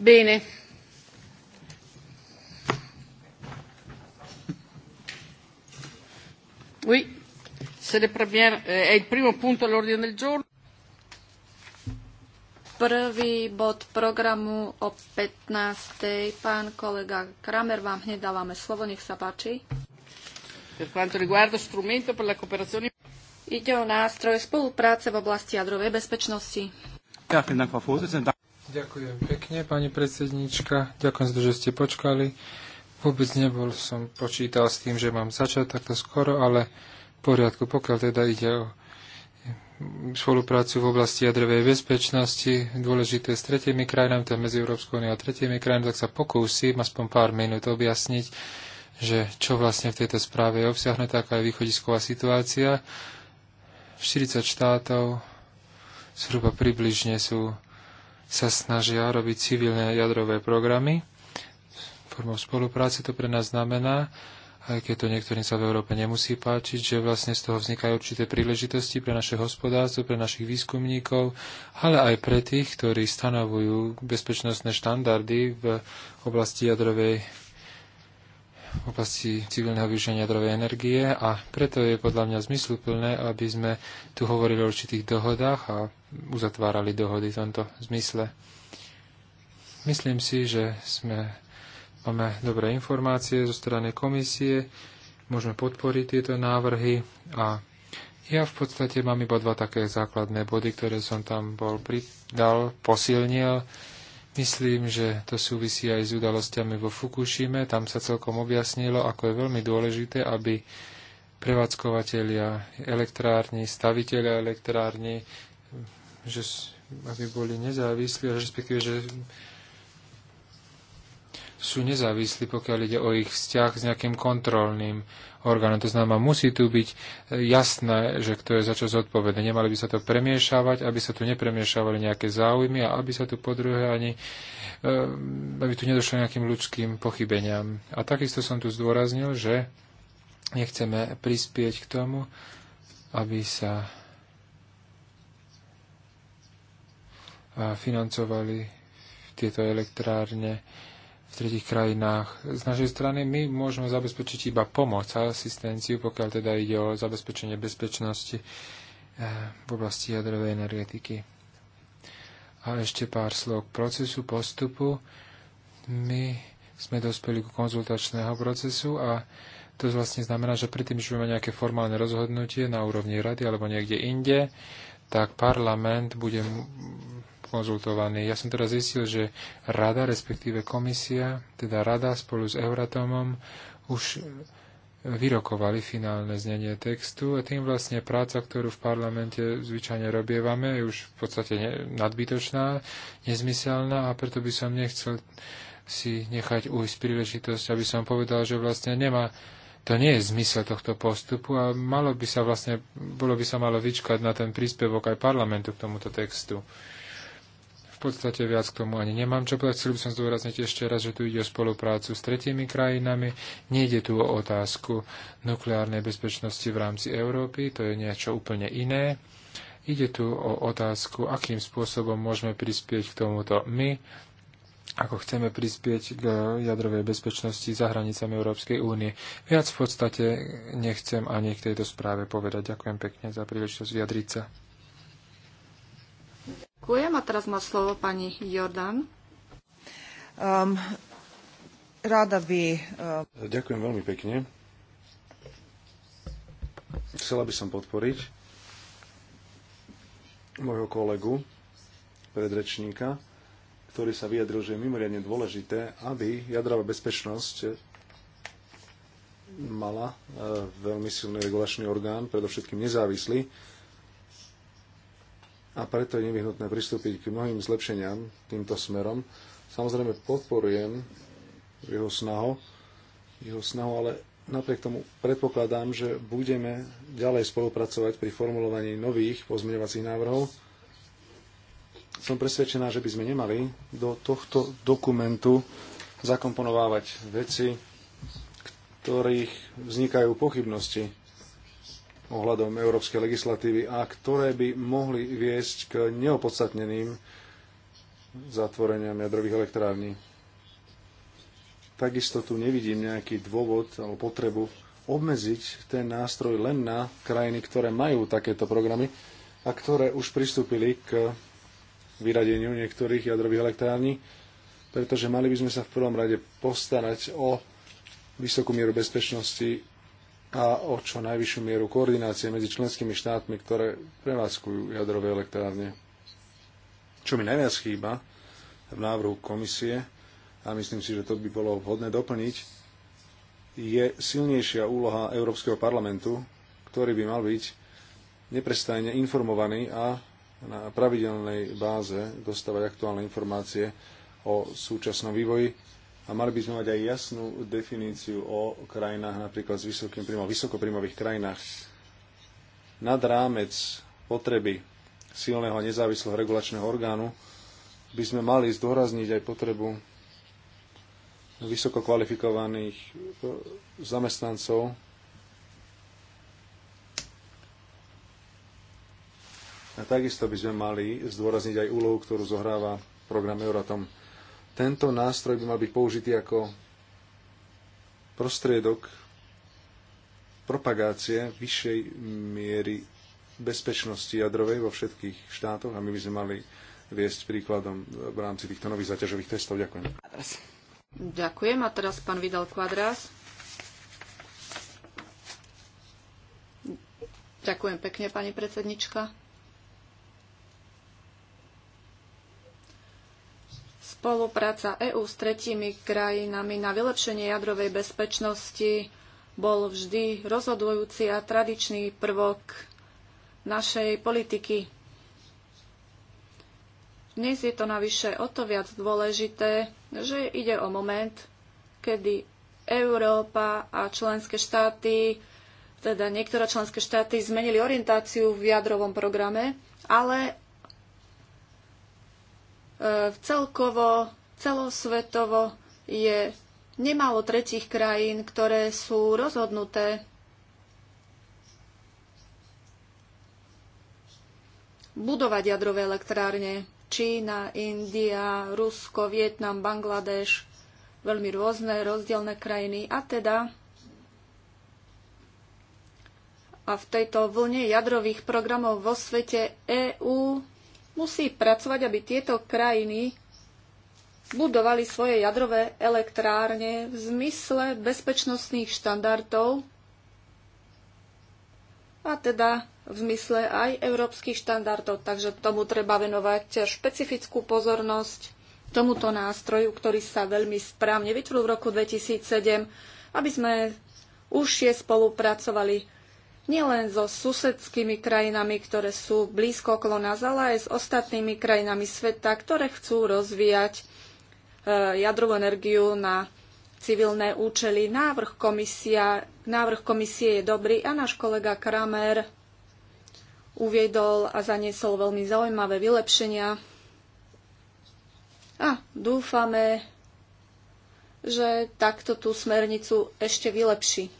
Bene. Oui, c'est le premier, è euh, il primo punto all'ordine del giorno. Prvý bod programu o 15. Pán kolega Kramer, vám hneď dávame slovo, nech sa páči. Per quanto riguarda strumento per la cooperazione... Ide o nástroj spolupráce v oblasti jadrovej bezpečnosti. Ja, Ďakujem pekne, pani predsednička. Ďakujem, že ste počkali. Vôbec nebol som počítal s tým, že mám začať takto skoro, ale v poriadku, pokiaľ teda ide o spoluprácu v oblasti jadrovej bezpečnosti, dôležité s tretími krajinami, teda medzi Európskou úniou a tretími krajinami, tak sa pokúsim aspoň pár minút objasniť, že čo vlastne v tejto správe je obsiahnuté, aká je východisková situácia. 40 štátov zhruba približne sú sa snažia robiť civilné jadrové programy. Formou spolupráce to pre nás znamená, aj keď to niektorým sa v Európe nemusí páčiť, že vlastne z toho vznikajú určité príležitosti pre naše hospodárstvo, pre našich výskumníkov, ale aj pre tých, ktorí stanovujú bezpečnostné štandardy v oblasti jadrovej v oblasti civilného využívania jadrovej energie a preto je podľa mňa zmysluplné, aby sme tu hovorili o určitých dohodách a uzatvárali dohody v tomto zmysle. Myslím si, že sme, máme dobré informácie zo strany komisie, môžeme podporiť tieto návrhy a ja v podstate mám iba dva také základné body, ktoré som tam bol pridal, posilnil Myslím, že to súvisí aj s udalosťami vo Fukushime. Tam sa celkom objasnilo, ako je veľmi dôležité, aby prevádzkovateľia elektrárni, staviteľia elektrárni, že aby boli nezávislí, respektíve, že sú nezávislí, pokiaľ ide o ich vzťah s nejakým kontrolným orgánom. To znamená, musí tu byť jasné, že kto je za čo zodpovedný. Nemali by sa to premiešavať, aby sa tu nepremiešavali nejaké záujmy a aby sa tu po druhé ani ehm, aby tu nedošlo nejakým ľudským pochybeniam. A takisto som tu zdôraznil, že nechceme prispieť k tomu, aby sa financovali tieto elektrárne v tretich krajinách. Z našej strany my môžeme zabezpečiť iba pomoc a asistenciu, pokiaľ teda ide o zabezpečenie bezpečnosti eh, v oblasti jadrovej energetiky. A ešte pár slov k procesu postupu. My sme dospeli ku konzultačného procesu a to vlastne znamená, že predtým, že máme nejaké formálne rozhodnutie na úrovni rady alebo niekde inde, tak parlament bude konzultovaný. Ja som teraz zistil, že rada, respektíve komisia, teda rada spolu s Euratomom už vyrokovali finálne znenie textu a tým vlastne práca, ktorú v parlamente zvyčajne robievame, je už v podstate nadbytočná, nezmyselná a preto by som nechcel si nechať ujsť príležitosť, aby som povedal, že vlastne nemá, to nie je zmysel tohto postupu a malo by sa vlastne, bolo by sa malo vyčkať na ten príspevok aj parlamentu k tomuto textu. V podstate viac k tomu ani nemám čo povedať. Chcel by som zdôrazniť ešte raz, že tu ide o spoluprácu s tretími krajinami. Nejde tu o otázku nukleárnej bezpečnosti v rámci Európy, to je niečo úplne iné. Ide tu o otázku, akým spôsobom môžeme prispieť k tomuto my, ako chceme prispieť k jadrovej bezpečnosti za hranicami Európskej únie. Viac v podstate nechcem ani k tejto správe povedať. Ďakujem pekne za príležitosť vyjadriť sa. Ďakujem a teraz má slovo pani Jordan. Um, rada by... Um... Ďakujem veľmi pekne. Chcela by som podporiť môjho kolegu, predrečníka, ktorý sa vyjadril, že je mimoriadne dôležité, aby jadrová bezpečnosť mala uh, veľmi silný regulačný orgán, predovšetkým nezávislý, a preto je nevyhnutné pristúpiť k mnohým zlepšeniam týmto smerom. Samozrejme podporujem jeho snahu, jeho snahu, ale napriek tomu predpokladám, že budeme ďalej spolupracovať pri formulovaní nových pozmeňovacích návrhov. Som presvedčená, že by sme nemali do tohto dokumentu zakomponovávať veci, ktorých vznikajú pochybnosti ohľadom európskej legislatívy a ktoré by mohli viesť k neopodstatneným zatvoreniam jadrových elektrární. Takisto tu nevidím nejaký dôvod alebo potrebu obmedziť ten nástroj len na krajiny, ktoré majú takéto programy a ktoré už pristúpili k vyradeniu niektorých jadrových elektrární, pretože mali by sme sa v prvom rade postarať o vysokú mieru bezpečnosti a o čo najvyššiu mieru koordinácie medzi členskými štátmi, ktoré prevádzkujú jadrové elektrárne. Čo mi najviac chýba v návrhu komisie, a myslím si, že to by bolo vhodné doplniť, je silnejšia úloha Európskeho parlamentu, ktorý by mal byť neprestajne informovaný a na pravidelnej báze dostávať aktuálne informácie o súčasnom vývoji a mali by sme mať aj jasnú definíciu o krajinách napríklad s vysokým príjmom, vysokopríjmových krajinách. Nad rámec potreby silného a nezávislého regulačného orgánu by sme mali zdôrazniť aj potrebu vysoko kvalifikovaných eh, zamestnancov, A takisto by sme mali zdôrazniť aj úlohu, ktorú zohráva program Euratom tento nástroj by mal byť použitý ako prostriedok propagácie vyššej miery bezpečnosti jadrovej vo všetkých štátoch a my by sme mali viesť príkladom v rámci týchto nových zaťažových testov. Ďakujem. Ďakujem a teraz pán Vidal Kvadrás. Ďakujem pekne, pani predsednička. Spolupráca EÚ s tretími krajinami na vylepšenie jadrovej bezpečnosti bol vždy rozhodujúci a tradičný prvok našej politiky. Dnes je to navyše o to viac dôležité, že ide o moment, kedy Európa a členské štáty, teda niektoré členské štáty zmenili orientáciu v jadrovom programe, ale Eh, celkovo, celosvetovo je nemalo tretich krajín, ktoré sú rozhodnuté budovať jadrové elektrárne. Čína, India, Rusko, Vietnam, Bangladeš, veľmi rôzne rozdielne krajiny. A teda a v tejto vlne jadrových programov vo svete EÚ musí pracovať, aby tieto krajiny budovali svoje jadrové elektrárne v zmysle bezpečnostných štandardov a teda v zmysle aj európskych štandardov. Takže tomu treba venovať špecifickú pozornosť tomuto nástroju, ktorý sa veľmi správne vytvoril v roku 2007, aby sme užšie spolupracovali nielen so susedskými krajinami, ktoré sú blízko okolo nás, ale aj s ostatnými krajinami sveta, ktoré chcú rozvíjať e, jadrovú energiu na civilné účely. Návrh, komisia, návrh komisie je dobrý a náš kolega Kramer uviedol a zaniesol veľmi zaujímavé vylepšenia. A dúfame, že takto tú smernicu ešte vylepší.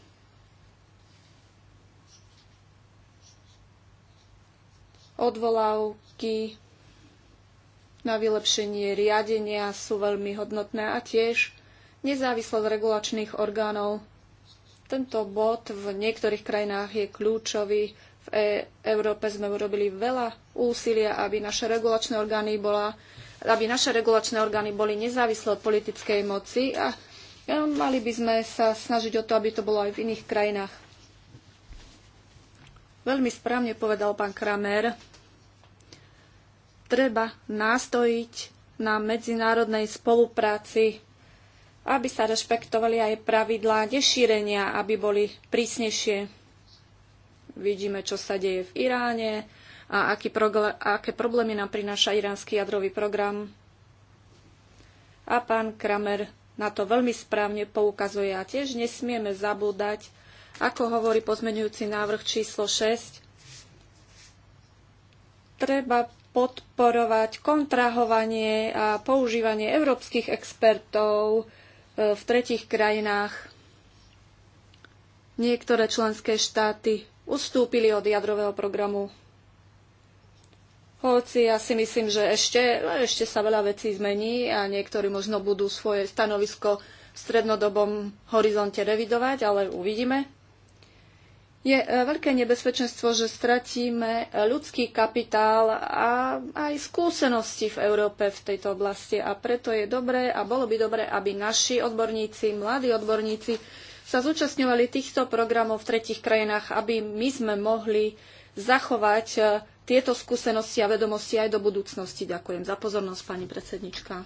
Odvolávky na vylepšenie riadenia sú veľmi hodnotné a tiež nezávislosť regulačných orgánov. Tento bod v niektorých krajinách je kľúčový. V e Európe sme urobili veľa úsilia, aby naše regulačné orgány bola aby naše regulačné orgány boli nezávislé od politickej moci a mali by sme sa snažiť o to, aby to bolo aj v iných krajinách. Veľmi správne povedal pán Kramer, treba nástojiť na medzinárodnej spolupráci, aby sa rešpektovali aj pravidlá nešírenia, aby boli prísnejšie. Vidíme, čo sa deje v Iráne a aký aké problémy nám prináša iránsky jadrový program. A pán Kramer na to veľmi správne poukazuje. A tiež nesmieme zabúdať ako hovorí pozmenujúci návrh číslo 6, treba podporovať kontrahovanie a používanie európskych expertov e, v tretich krajinách. Niektoré členské štáty ustúpili od jadrového programu. Hoci ja si myslím, že ešte, no, ešte sa veľa vecí zmení a niektorí možno budú svoje stanovisko v strednodobom horizonte revidovať, ale uvidíme je e, veľké nebezpečenstvo, že stratíme ľudský kapitál a aj skúsenosti v Európe v tejto oblasti. A preto je dobré a bolo by dobré, aby naši odborníci, mladí odborníci sa zúčastňovali týchto programov v tretich krajinách, aby my sme mohli zachovať e, tieto skúsenosti a vedomosti aj do budúcnosti. Ďakujem za pozornosť, pani predsednička.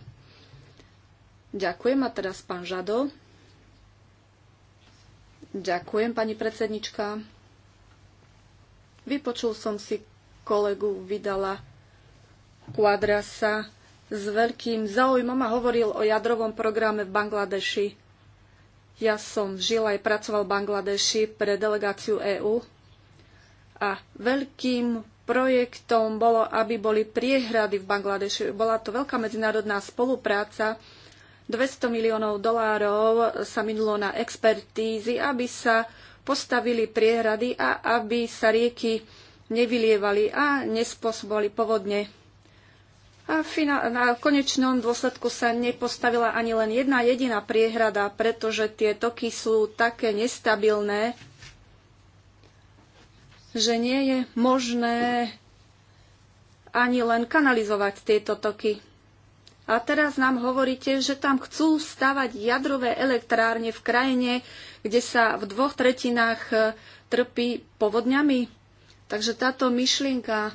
Ďakujem a teraz pán Žado. Ďakujem, pani predsednička. Vypočul som si kolegu Vydala Quadrasa s veľkým záujmom a hovoril o jadrovom programe v Bangladeši. Ja som žil aj pracoval v Bangladeši pre delegáciu EÚ a veľkým projektom bolo, aby boli priehrady v Bangladeši. Bola to veľká medzinárodná spolupráca. 200 miliónov dolárov sa minulo na expertízy, aby sa postavili priehrady a aby sa rieky nevylievali a nespôsobovali povodne. A na konečnom dôsledku sa nepostavila ani len jedna jediná priehrada, pretože tie toky sú také nestabilné, že nie je možné ani len kanalizovať tieto toky. A teraz nám hovoríte, že tam chcú stavať jadrové elektrárne v krajine, kde sa v dvoch tretinách e, trpí povodňami. Takže táto myšlienka,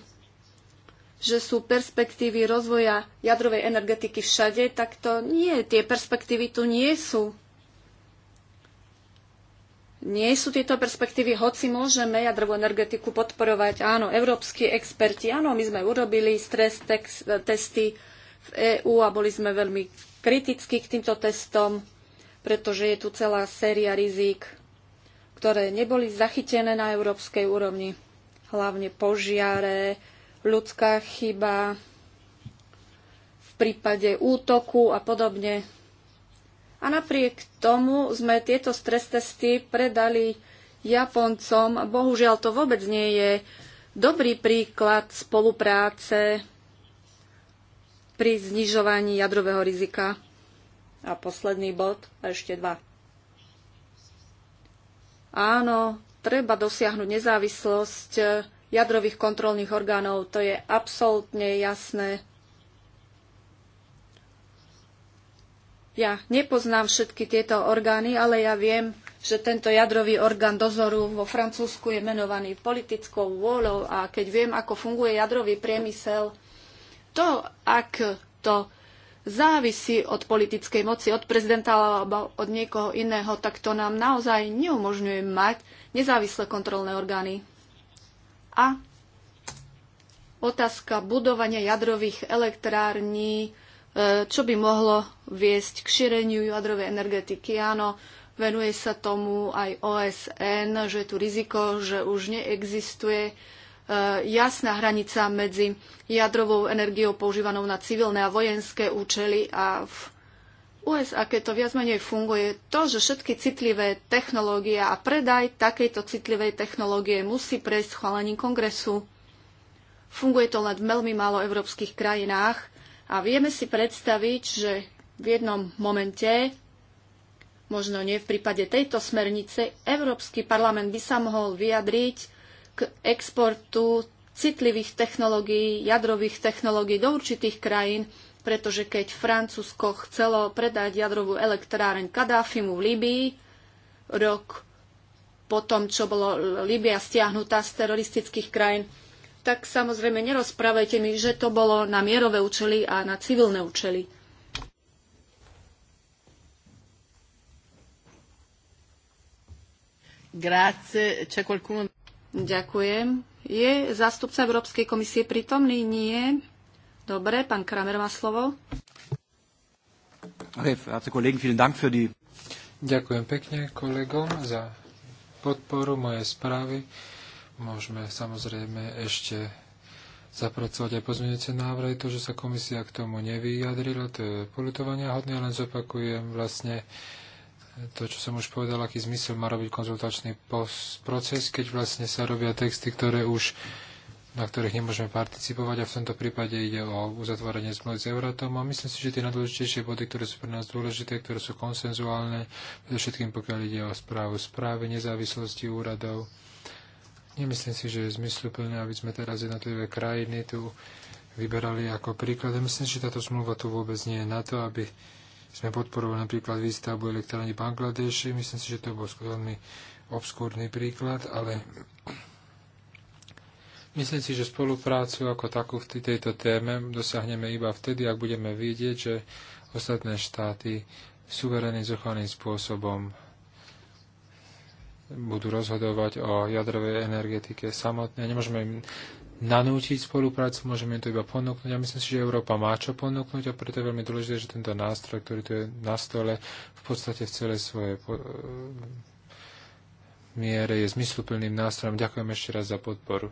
že sú perspektívy rozvoja jadrovej energetiky všade, tak to nie, tie perspektívy tu nie sú. Nie sú tieto perspektívy, hoci môžeme jadrovú energetiku podporovať. Áno, európsky experti, áno, my sme urobili stres testy, v EÚ a boli sme veľmi kritickí k týmto testom, pretože je tu celá séria rizík, ktoré neboli zachytené na európskej úrovni. Hlavne požiare, ľudská chyba, v prípade útoku a podobne. A napriek tomu sme tieto stres testy predali Japoncom. Bohužiaľ, to vôbec nie je dobrý príklad spolupráce pri znižovaní jadrového rizika. A posledný bod, a ešte dva. Áno, treba dosiahnuť nezávislosť jadrových kontrolných orgánov, to je absolútne jasné. Ja nepoznám všetky tieto orgány, ale ja viem, že tento jadrový orgán dozoru vo Francúzsku je menovaný politickou vôľou a keď viem, ako funguje jadrový priemysel, to, ak to závisí od politickej moci, od prezidenta alebo od niekoho iného, tak to nám naozaj neumožňuje mať nezávislé kontrolné orgány. A otázka budovania jadrových elektrární, e, čo by mohlo viesť k šíreniu jadrovej energetiky. Áno, venuje sa tomu aj OSN, že je tu riziko, že už neexistuje Eh, jasná hranica medzi jadrovou energiou používanou na civilné a vojenské účely a v USA, keď to viac menej funguje, to, že všetky citlivé technológie a predaj takejto citlivej technológie musí prejsť schválením kongresu. Funguje to len v veľmi málo európskych krajinách a vieme si predstaviť, že v jednom momente možno nie v prípade tejto smernice, Európsky parlament by sa mohol vyjadriť k exportu citlivých technológií, jadrových technológií do určitých krajín, pretože keď Francúzsko chcelo predať jadrovú elektráreň Kadáfimu v Líbii, rok po tom, čo bolo Líbia stiahnutá z teroristických krajín, tak samozrejme nerozprávajte mi, že to bolo na mierové účely a na civilné účely. Grazie. C'è qualcuno... Ďakujem. Je zástupca Európskej komisie prítomný? Nie. Dobre, pán Kramer má slovo. Ďakujem pekne kolegom za podporu mojej správy. Môžeme samozrejme ešte zapracovať aj pozmeňujúce návrhy. To, že sa komisia k tomu nevyjadrila, to je polutovania hodné, len zopakujem vlastne to, čo som už povedal, aký zmysel má robiť konzultačný proces, keď vlastne sa robia texty, ktoré už na ktorých nemôžeme participovať a v tomto prípade ide o uzatváranie zmluvy s Euratom a myslím si, že tie najdôležitejšie body, ktoré sú pre nás dôležité, ktoré sú konsenzuálne, predovšetkým pokiaľ ide o správu správy, nezávislosti úradov. Nemyslím si, že je zmysluplné, aby sme teraz jednotlivé krajiny tu vyberali ako príklad. Myslím myslím, že táto zmluva tu vôbec nie je na to, aby sme podporovali napríklad výstavbu elektrárne Bangladeši. Myslím si, že to bol veľmi obskúrny príklad, ale myslím si, že spoluprácu ako takú v tejto téme dosiahneme iba vtedy, ak budeme vidieť, že ostatné štáty suverénnym zochaným spôsobom budú rozhodovať o jadrovej energetike samotné. Nemôžeme im nanútiť spoluprácu, môžeme im to iba ponúknuť Ja myslím si, že Európa má čo ponúknuť a preto je veľmi dôležité, že tento nástroj, ktorý tu je na stole, v podstate v celej svojej e, miere je zmysluplným nástrojom. Ďakujem ešte raz za podporu.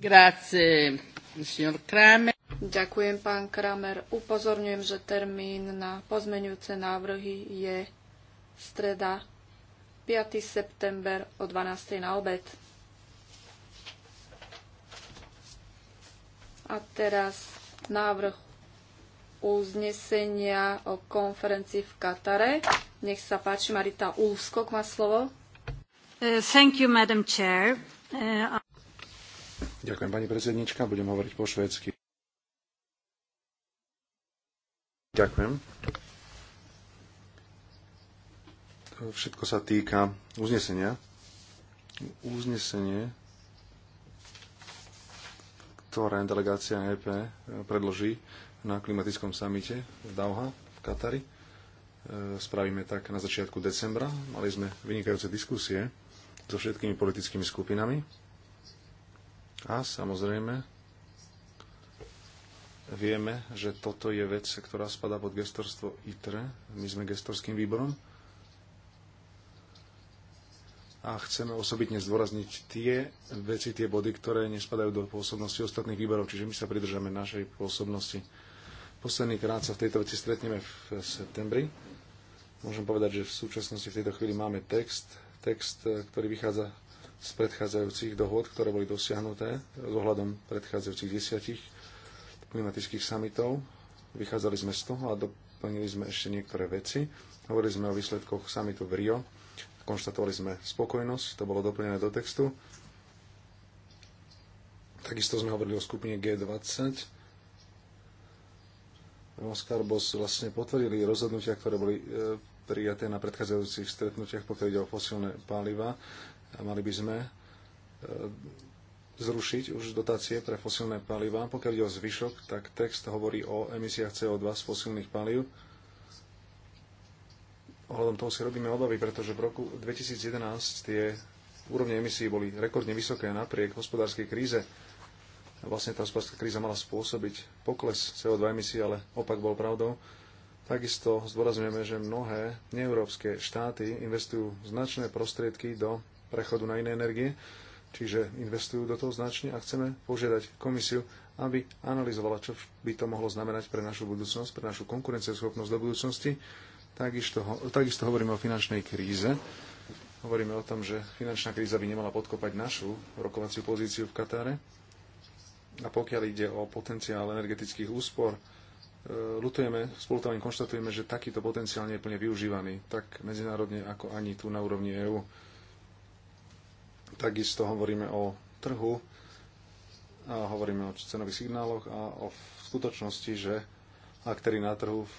Grazie, signor Kramer. Ďakujem, pán Kramer. Upozorňujem, že termín na pozmeňujúce návrhy je streda 5. september o 12. na obed. A teraz návrh uznesenia o konferencii v Katare. Nech sa páči, Marita Úskok má slovo. Uh, thank you, Madam Chair. Uh, Ďakujem, pani predsednička. Budem hovoriť po švédsky. Ďakujem všetko sa týka uznesenia. Uznesenie, ktoré delegácia EP predloží na klimatickom samite v Dauha v Katari. E, spravíme tak na začiatku decembra. Mali sme vynikajúce diskusie so všetkými politickými skupinami. A samozrejme, vieme, že toto je vec, ktorá spadá pod gestorstvo ITRE. My sme gestorským výborom a chceme osobitne zdôrazniť tie veci, tie body, ktoré nespadajú do pôsobnosti ostatných výborov, čiže my sa pridržame našej pôsobnosti. Posledný krát sa v tejto veci stretneme v septembri. Môžem povedať, že v súčasnosti v tejto chvíli máme text, text, ktorý vychádza z predchádzajúcich dohod, ktoré boli dosiahnuté z ohľadom predchádzajúcich desiatich klimatických samitov. Vychádzali sme z toho a doplnili sme ešte niektoré veci. Hovorili sme o výsledkoch samitu v Rio Konštatovali sme spokojnosť, to bolo doplnené do textu. Takisto sme hovorili o skupine G20. Oskar Bos vlastne potvrdili rozhodnutia, ktoré boli e, prijaté na predchádzajúcich stretnutiach, pokiaľ ide o fosilné paliva. Mali by sme e, zrušiť už dotácie pre fosilné paliva. Pokiaľ ide o zvyšok, tak text hovorí o emisiách CO2 z fosilných palív ohľadom toho si robíme obavy, pretože v roku 2011 tie úrovne emisí boli rekordne vysoké napriek hospodárskej kríze. Vlastne tá hospodárska kríza mala spôsobiť pokles CO2 emisí, ale opak bol pravdou. Takisto zdôrazňujeme, že mnohé neeurópske štáty investujú značné prostriedky do prechodu na iné energie, čiže investujú do toho značne a chceme požiadať komisiu, aby analyzovala, čo by to mohlo znamenať pre našu budúcnosť, pre našu konkurencieschopnosť do budúcnosti Takisto, takisto hovoríme o finančnej kríze. Hovoríme o tom, že finančná kríza by nemala podkopať našu rokovaciu pozíciu v Katare. A pokiaľ ide o potenciál energetických úspor, e, lutujeme, tam konštatujeme, že takýto potenciál nie je plne využívaný, tak medzinárodne ako ani tu na úrovni EÚ. Takisto hovoríme o trhu, a hovoríme o cenových signáloch a o skutočnosti, že aktéry na trhu v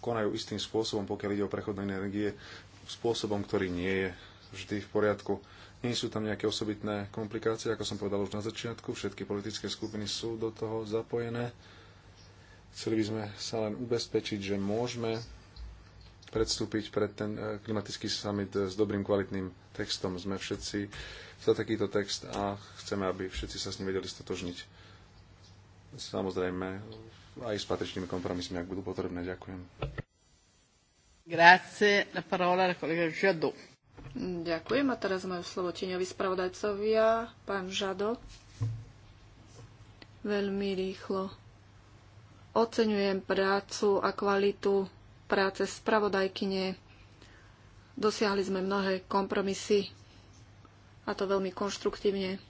konajú istým spôsobom, pokiaľ ide o prechodné energie, spôsobom, ktorý nie je vždy v poriadku. Nie sú tam nejaké osobitné komplikácie, ako som povedal už na začiatku, všetky politické skupiny sú do toho zapojené. Chceli by sme sa len ubezpečiť, že môžeme predstúpiť pred ten e, klimatický summit e, s dobrým kvalitným textom. Sme všetci za takýto text a chceme, aby všetci sa s ním vedeli stotožniť. Samozrejme, aj s patričnými kompromismi, ak budú potrebné. Ďakujem. Grazie. La parola la kolega Žado. Ďakujem. A teraz majú slovo tieňoví spravodajcovia. Pán Žado. Veľmi rýchlo. Oceňujem prácu a kvalitu práce spravodajkyne. Dosiahli sme mnohé kompromisy a to veľmi konštruktívne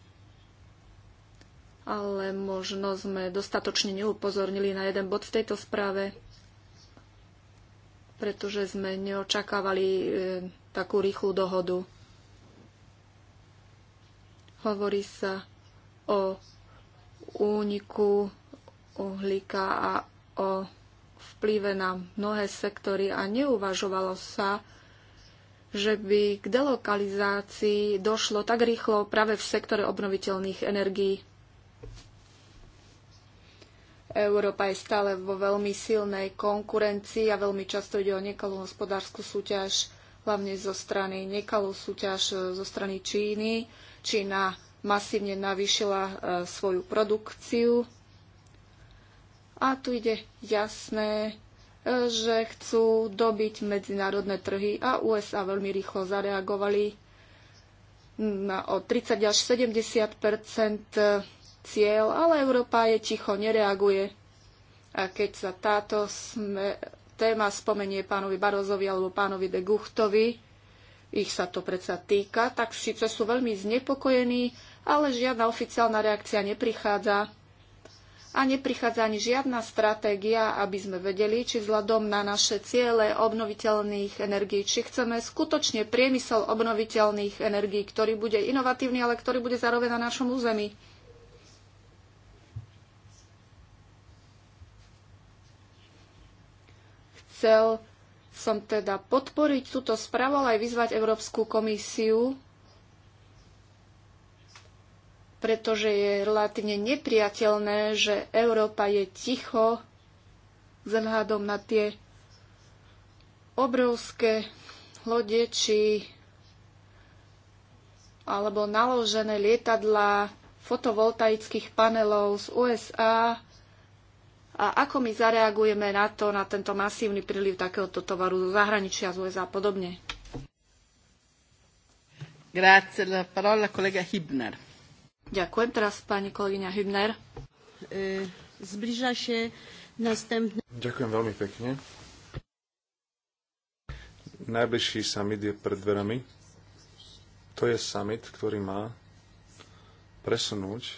ale možno sme dostatočne neupozornili na jeden bod v tejto správe, pretože sme neočakávali e, takú rýchlu dohodu. Hovorí sa o úniku uhlíka a o vplyve na mnohé sektory a neuvažovalo sa, že by k delokalizácii došlo tak rýchlo práve v sektore obnoviteľných energií. Európa je stále vo veľmi silnej konkurencii a veľmi často ide o nekalú hospodárskú súťaž, hlavne zo strany nekalú súťaž e, zo strany Číny. Čína masívne navýšila e, svoju produkciu. A tu ide jasné, e, že chcú dobiť medzinárodné trhy a USA veľmi rýchlo zareagovali na o 30 až 70 cieľ, ale Európa je ticho, nereaguje. A keď sa táto sme, téma spomenie pánovi Barozovi alebo pánovi de Guchtovi, ich sa to predsa týka, tak síce sú veľmi znepokojení, ale žiadna oficiálna reakcia neprichádza. A neprichádza ani žiadna stratégia, aby sme vedeli, či vzhľadom na naše ciele obnoviteľných energií, či chceme skutočne priemysel obnoviteľných energií, ktorý bude inovatívny, ale ktorý bude zároveň na našom území. Chcel som teda podporiť túto správu, ale aj vyzvať Európsku komisiu, pretože je relatívne nepriateľné, že Európa je ticho vzhľadom na tie obrovské lode či alebo naložené lietadlá fotovoltaických panelov z USA, a ako my zareagujeme na to, na tento masívny príliv takéhoto tovaru zo zahraničia, z USA a podobne. Grazie, la parola kolega Hibner. Ďakujem teraz pani kolegyňa Hibner. E, zbliža sa Ďakujem veľmi pekne. Najbližší summit je pred dverami. To je summit, ktorý má presunúť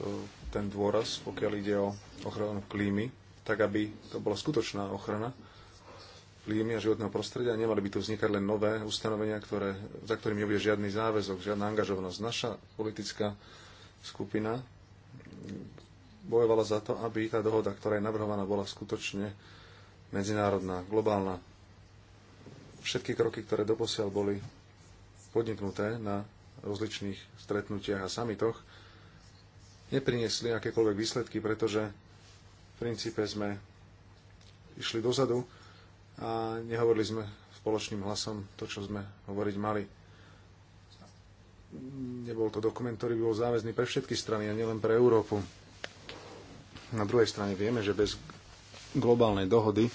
e, ten dôraz, pokiaľ ide o ochranu klímy, tak aby to bola skutočná ochrana klímy a životného prostredia. Nemali by tu vznikať len nové ustanovenia, ktoré, za ktorým nebude žiadny záväzok, žiadna angažovanosť. Naša politická skupina bojovala za to, aby tá dohoda, ktorá je navrhovaná, bola skutočne medzinárodná, globálna. Všetky kroky, ktoré doposiaľ boli podniknuté na rozličných stretnutiach a samitoch, nepriniesli akékoľvek výsledky, pretože v princípe sme išli dozadu a nehovorili sme spoločným hlasom to, čo sme hovoriť mali. Nebol to dokument, ktorý by bol záväzný pre všetky strany a nielen pre Európu. Na druhej strane vieme, že bez globálnej dohody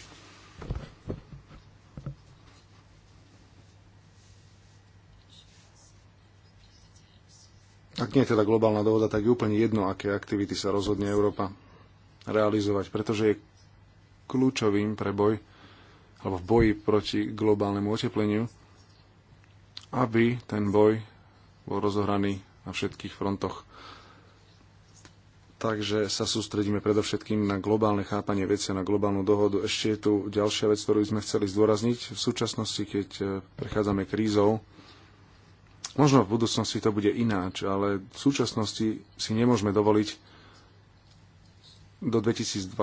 ak nie je teda globálna dohoda, tak je úplne jedno, aké aktivity sa rozhodne Európa realizovať, pretože je kľúčovým pre boj alebo v boji proti globálnemu otepleniu, aby ten boj bol rozohraný na všetkých frontoch. Takže sa sústredíme predovšetkým na globálne chápanie vecia, na globálnu dohodu. Ešte je tu ďalšia vec, ktorú sme chceli zdôrazniť. V súčasnosti, keď eh, prechádzame krízou, Možno v budúcnosti to bude ináč, ale v súčasnosti si nemôžeme dovoliť do 2020.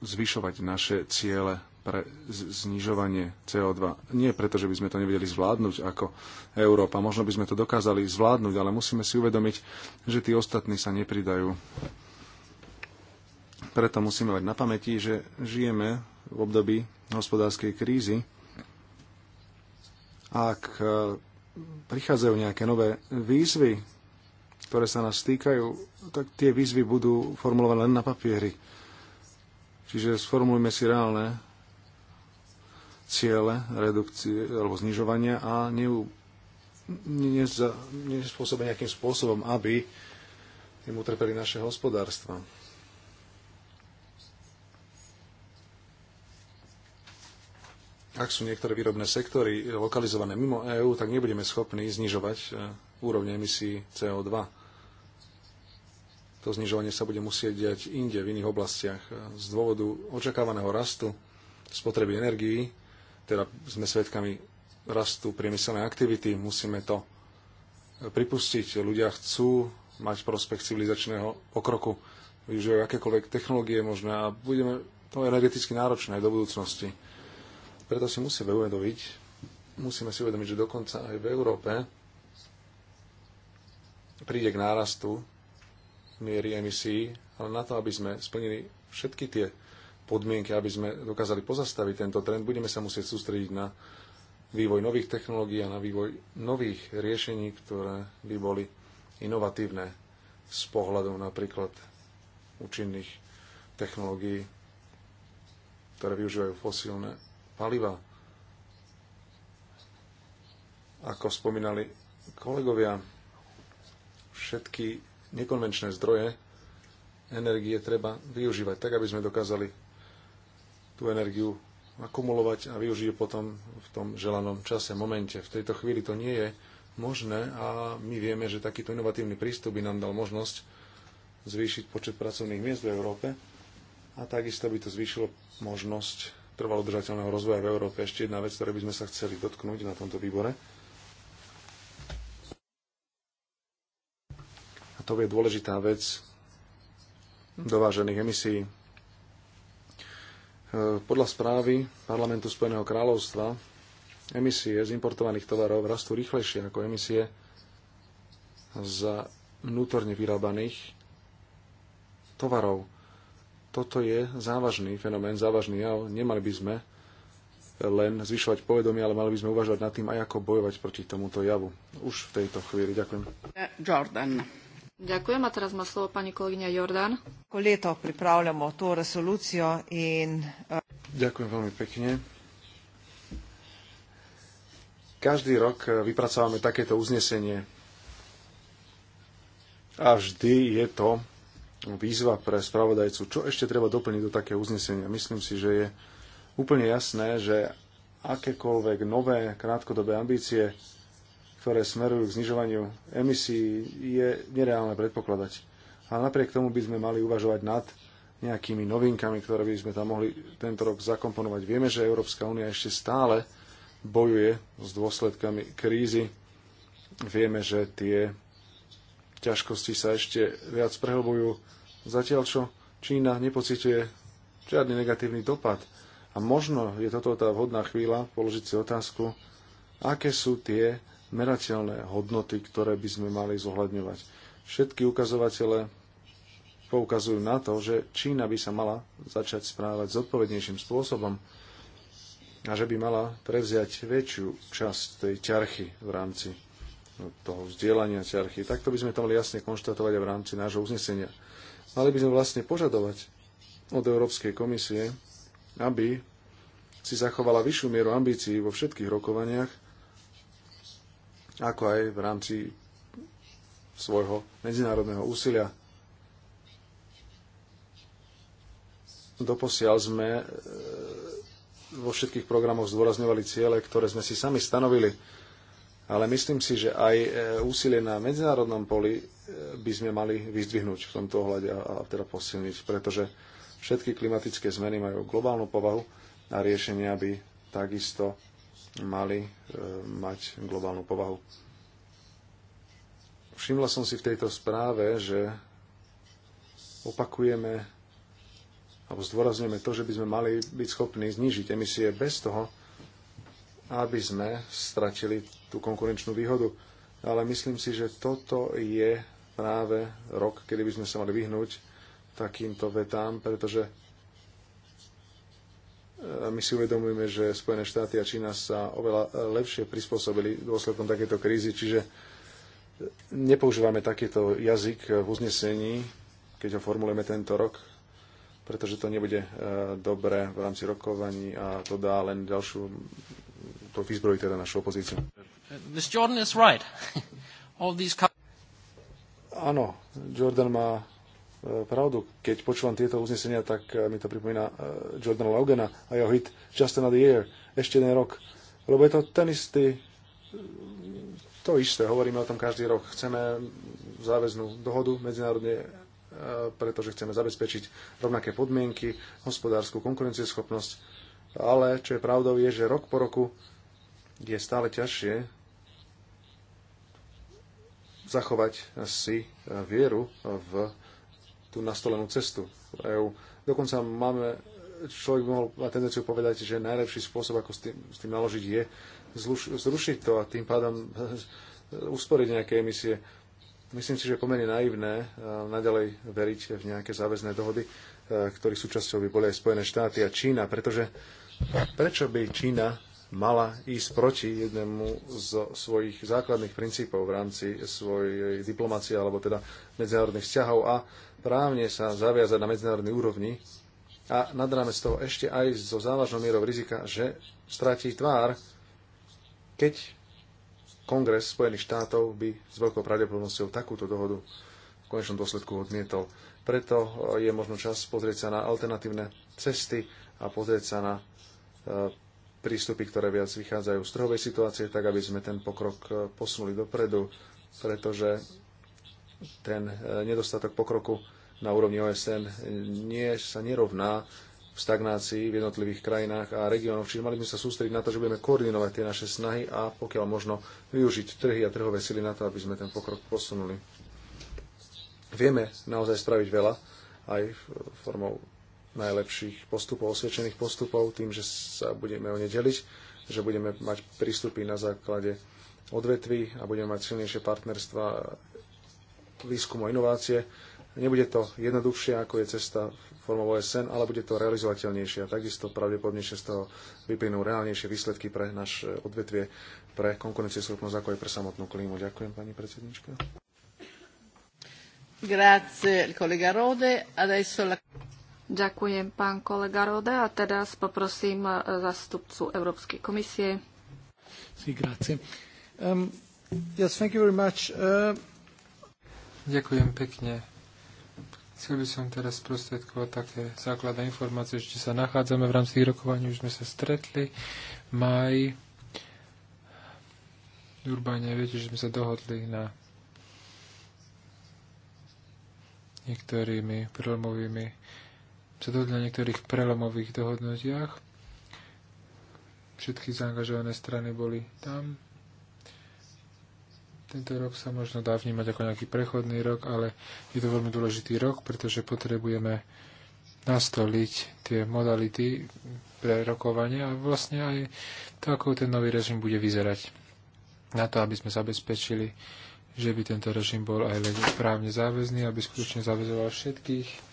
zvyšovať naše ciele pre znižovanie CO2. Nie preto, že by sme to nevedeli zvládnuť ako Európa. Možno by sme to dokázali zvládnuť, ale musíme si uvedomiť, že tí ostatní sa nepridajú. Preto musíme mať na pamäti, že žijeme v období hospodárskej krízy. Ak prichádzajú nejaké nové výzvy, ktoré sa nás týkajú, tak tie výzvy budú formulované len na papieri. Čiže sformulujme si reálne ciele redukcie alebo znižovania a neu, nejakým spôsobom, aby im utrpeli naše hospodárstva. ak sú niektoré výrobné sektory lokalizované mimo EÚ, tak nebudeme schopní znižovať e, úrovne emisí CO2. To znižovanie sa bude musieť diať inde, v iných oblastiach. E, z dôvodu očakávaného rastu spotreby energií, teda sme svedkami rastu priemyselnej aktivity, musíme to e, pripustiť. Ľudia chcú mať prospekt civilizačného pokroku, využívajú akékoľvek technológie možné a budeme to energeticky náročné aj do budúcnosti. Preto si musíme uvedomiť, musíme si uvedomiť, že dokonca aj v Európe príde k nárastu miery emisí, ale na to, aby sme splnili všetky tie podmienky, aby sme dokázali pozastaviť tento trend, budeme sa musieť sústrediť na vývoj nových technológií a na vývoj nových riešení, ktoré by boli inovatívne s pohľadu napríklad účinných technológií, ktoré využívajú fosílne paliva. Ako spomínali kolegovia, všetky nekonvenčné zdroje energie treba využívať tak, aby sme dokázali tú energiu akumulovať a využiť potom v tom želanom čase, momente. V tejto chvíli to nie je možné a my vieme, že takýto inovatívny prístup by nám dal možnosť zvýšiť počet pracovných miest v Európe a takisto by to zvýšilo možnosť trvalo udržateľného rozvoja v Európe. Ešte jedna vec, ktorej by sme sa chceli dotknúť na tomto výbore. A to je dôležitá vec dovážených emisí. E, podľa správy parlamentu Spojeného kráľovstva emisie z importovaných tovarov rastú rýchlejšie ako emisie za vnútorne vyrábaných tovarov toto je závažný fenomén, závažný jav. Nemali by sme len zvyšovať povedomie, ale mali by sme uvažovať nad tým aj ako bojovať proti tomuto javu. Už v tejto chvíli. Ďakujem. Jordan. Ďakujem a teraz má slovo pani kolegyňa Jordan. Leto pripravljamo tú resolúciu in... Eh, Ďakujem veľmi pekne. Každý rok eh, vypracávame takéto uznesenie a vždy je to výzva pre spravodajcu, čo ešte treba doplniť do takého uznesenia. Myslím si, že je úplne jasné, že akékoľvek nové krátkodobé ambície, ktoré smerujú k znižovaniu emisí, je nereálne predpokladať. A napriek tomu by sme mali uvažovať nad nejakými novinkami, ktoré by sme tam mohli tento rok zakomponovať. Vieme, že Európska únia ešte stále bojuje s dôsledkami krízy. Vieme, že tie ťažkosti sa ešte viac prehlbujú. Zatiaľ čo Čína nepociťuje žiadny negatívny dopad. A možno je toto tá vhodná chvíľa položiť si otázku, aké sú tie merateľné hodnoty, ktoré by sme mali zohľadňovať. Všetky ukazovatele poukazujú na to, že Čína by sa mala začať správať zodpovednejším spôsobom a že by mala prevziať väčšiu časť tej ťarchy v rámci toho vzdielania ťarchy. Takto by sme to mali jasne konštatovať aj v rámci nášho uznesenia. Mali by sme vlastne požadovať od Európskej komisie, aby si zachovala vyššiu mieru ambícií vo všetkých rokovaniach, ako aj v rámci svojho medzinárodného úsilia. Doposiaľ sme e, vo všetkých programoch zdôrazňovali ciele, ktoré sme si sami stanovili ale myslím si, že aj e, úsilie na medzinárodnom poli e, by sme mali vyzdvihnúť v tomto ohľade a teda posilniť, pretože všetky klimatické zmeny majú globálnu povahu a riešenia by takisto mali e, mať globálnu povahu. Všimla som si v tejto správe, že opakujeme alebo zdôrazňujeme to, že by sme mali byť schopní znížiť emisie bez toho, aby sme stratili tú konkurenčnú výhodu. Ale myslím si, že toto je práve rok, kedy by sme sa mali vyhnúť takýmto vetám, pretože e, my si uvedomujeme, že Spojené štáty a Čína sa oveľa e, lepšie prispôsobili dôsledkom takéto krízy, čiže nepoužívame takýto jazyk v uznesení, keď ho formulujeme tento rok, pretože to nebude e, dobre v rámci rokovaní a to dá len ďalšiu to vyzbrojí teda našu opozíciu. Áno, Jordan má e, pravdu. Keď počúvam tieto uznesenia, tak e, mi to pripomína e, Jordana Laugena a jeho hit Just Another Year, ešte jeden rok. Lebo je to ten istý, to isté, hovoríme o tom každý rok. Chceme záväznú dohodu medzinárodne, pretože chceme zabezpečiť rovnaké podmienky, hospodárskú konkurencieschopnosť ale čo je pravdou je, že rok po roku je stále ťažšie zachovať si e, vieru v tú nastolenú cestu e Dokonca máme, človek by mohol mať tendenciu povedať, že najlepší spôsob, ako s tým, s tým naložiť, je zluš, zrušiť to a tým pádom usporiť nejaké emisie. Myslím si, že je pomerne naivné e, naďalej veriť v nejaké záväzné dohody, ktorých súčasťou by boli aj Spojené štáty a Čína, pretože Prečo by Čína mala ísť proti jednému z svojich základných princípov v rámci svojej diplomácie alebo teda medzinárodných vzťahov a právne sa zaviazať na medzinárodnej úrovni a nad z toho ešte aj so závažnou mierou rizika, že stratí tvár, keď Kongres Spojených štátov by s veľkou pravdepodobnosťou takúto dohodu v konečnom dôsledku odmietol. Preto je možno čas pozrieť sa na alternatívne cesty a pozrieť sa na E, prístupy, ktoré viac vychádzajú z trhovej situácie, tak aby sme ten pokrok e, posunuli dopredu, pretože ten e, nedostatok pokroku na úrovni OSN nie, sa nerovná v stagnácii v jednotlivých krajinách a regiónoch. Čiže mali by sme sa sústrediť na to, že budeme koordinovať tie naše snahy a pokiaľ možno využiť trhy a trhové sily na to, aby sme ten pokrok posunuli. Vieme naozaj spraviť veľa aj formou najlepších postupov, osvedčených postupov, tým, že sa budeme o ne deliť, že budeme mať prístupy na základe odvetví a budeme mať silnejšie partnerstva výskumu a inovácie. Nebude to jednoduchšie, ako je cesta formou OSN, ale bude to realizovateľnejšie a takisto pravdepodobnejšie z toho vyplynú reálnejšie výsledky pre naše odvetvie, pre konkurencieschopnosť, ako aj pre samotnú klímu. Ďakujem, pani predsednička. Grazie, kolega Rode. Adesso la... Ďakujem, pán kolega Rode. A teraz poprosím eh, zastupcu Európskej komisie. Sí, grazie. Um, yes, thank you very much. Uh... Ďakujem pekne. Chcel by som teraz prostredkovať také základné informácie, že sa nachádzame v rámci rokovaní, už sme sa stretli. Maj, Urbáne, viete, že sme sa dohodli na niektorými prelomovými sa dohodli na niektorých prelomových dohodnutiach. Všetky zaangažované strany boli tam. Tento rok sa možno dá vnímať ako nejaký prechodný rok, ale je to veľmi dôležitý rok, pretože potrebujeme nastoliť tie modality pre rokovanie a vlastne aj to, ako ten nový režim bude vyzerať. Na to, aby sme zabezpečili, že by tento režim bol aj právne záväzný, aby skutočne zavezoval všetkých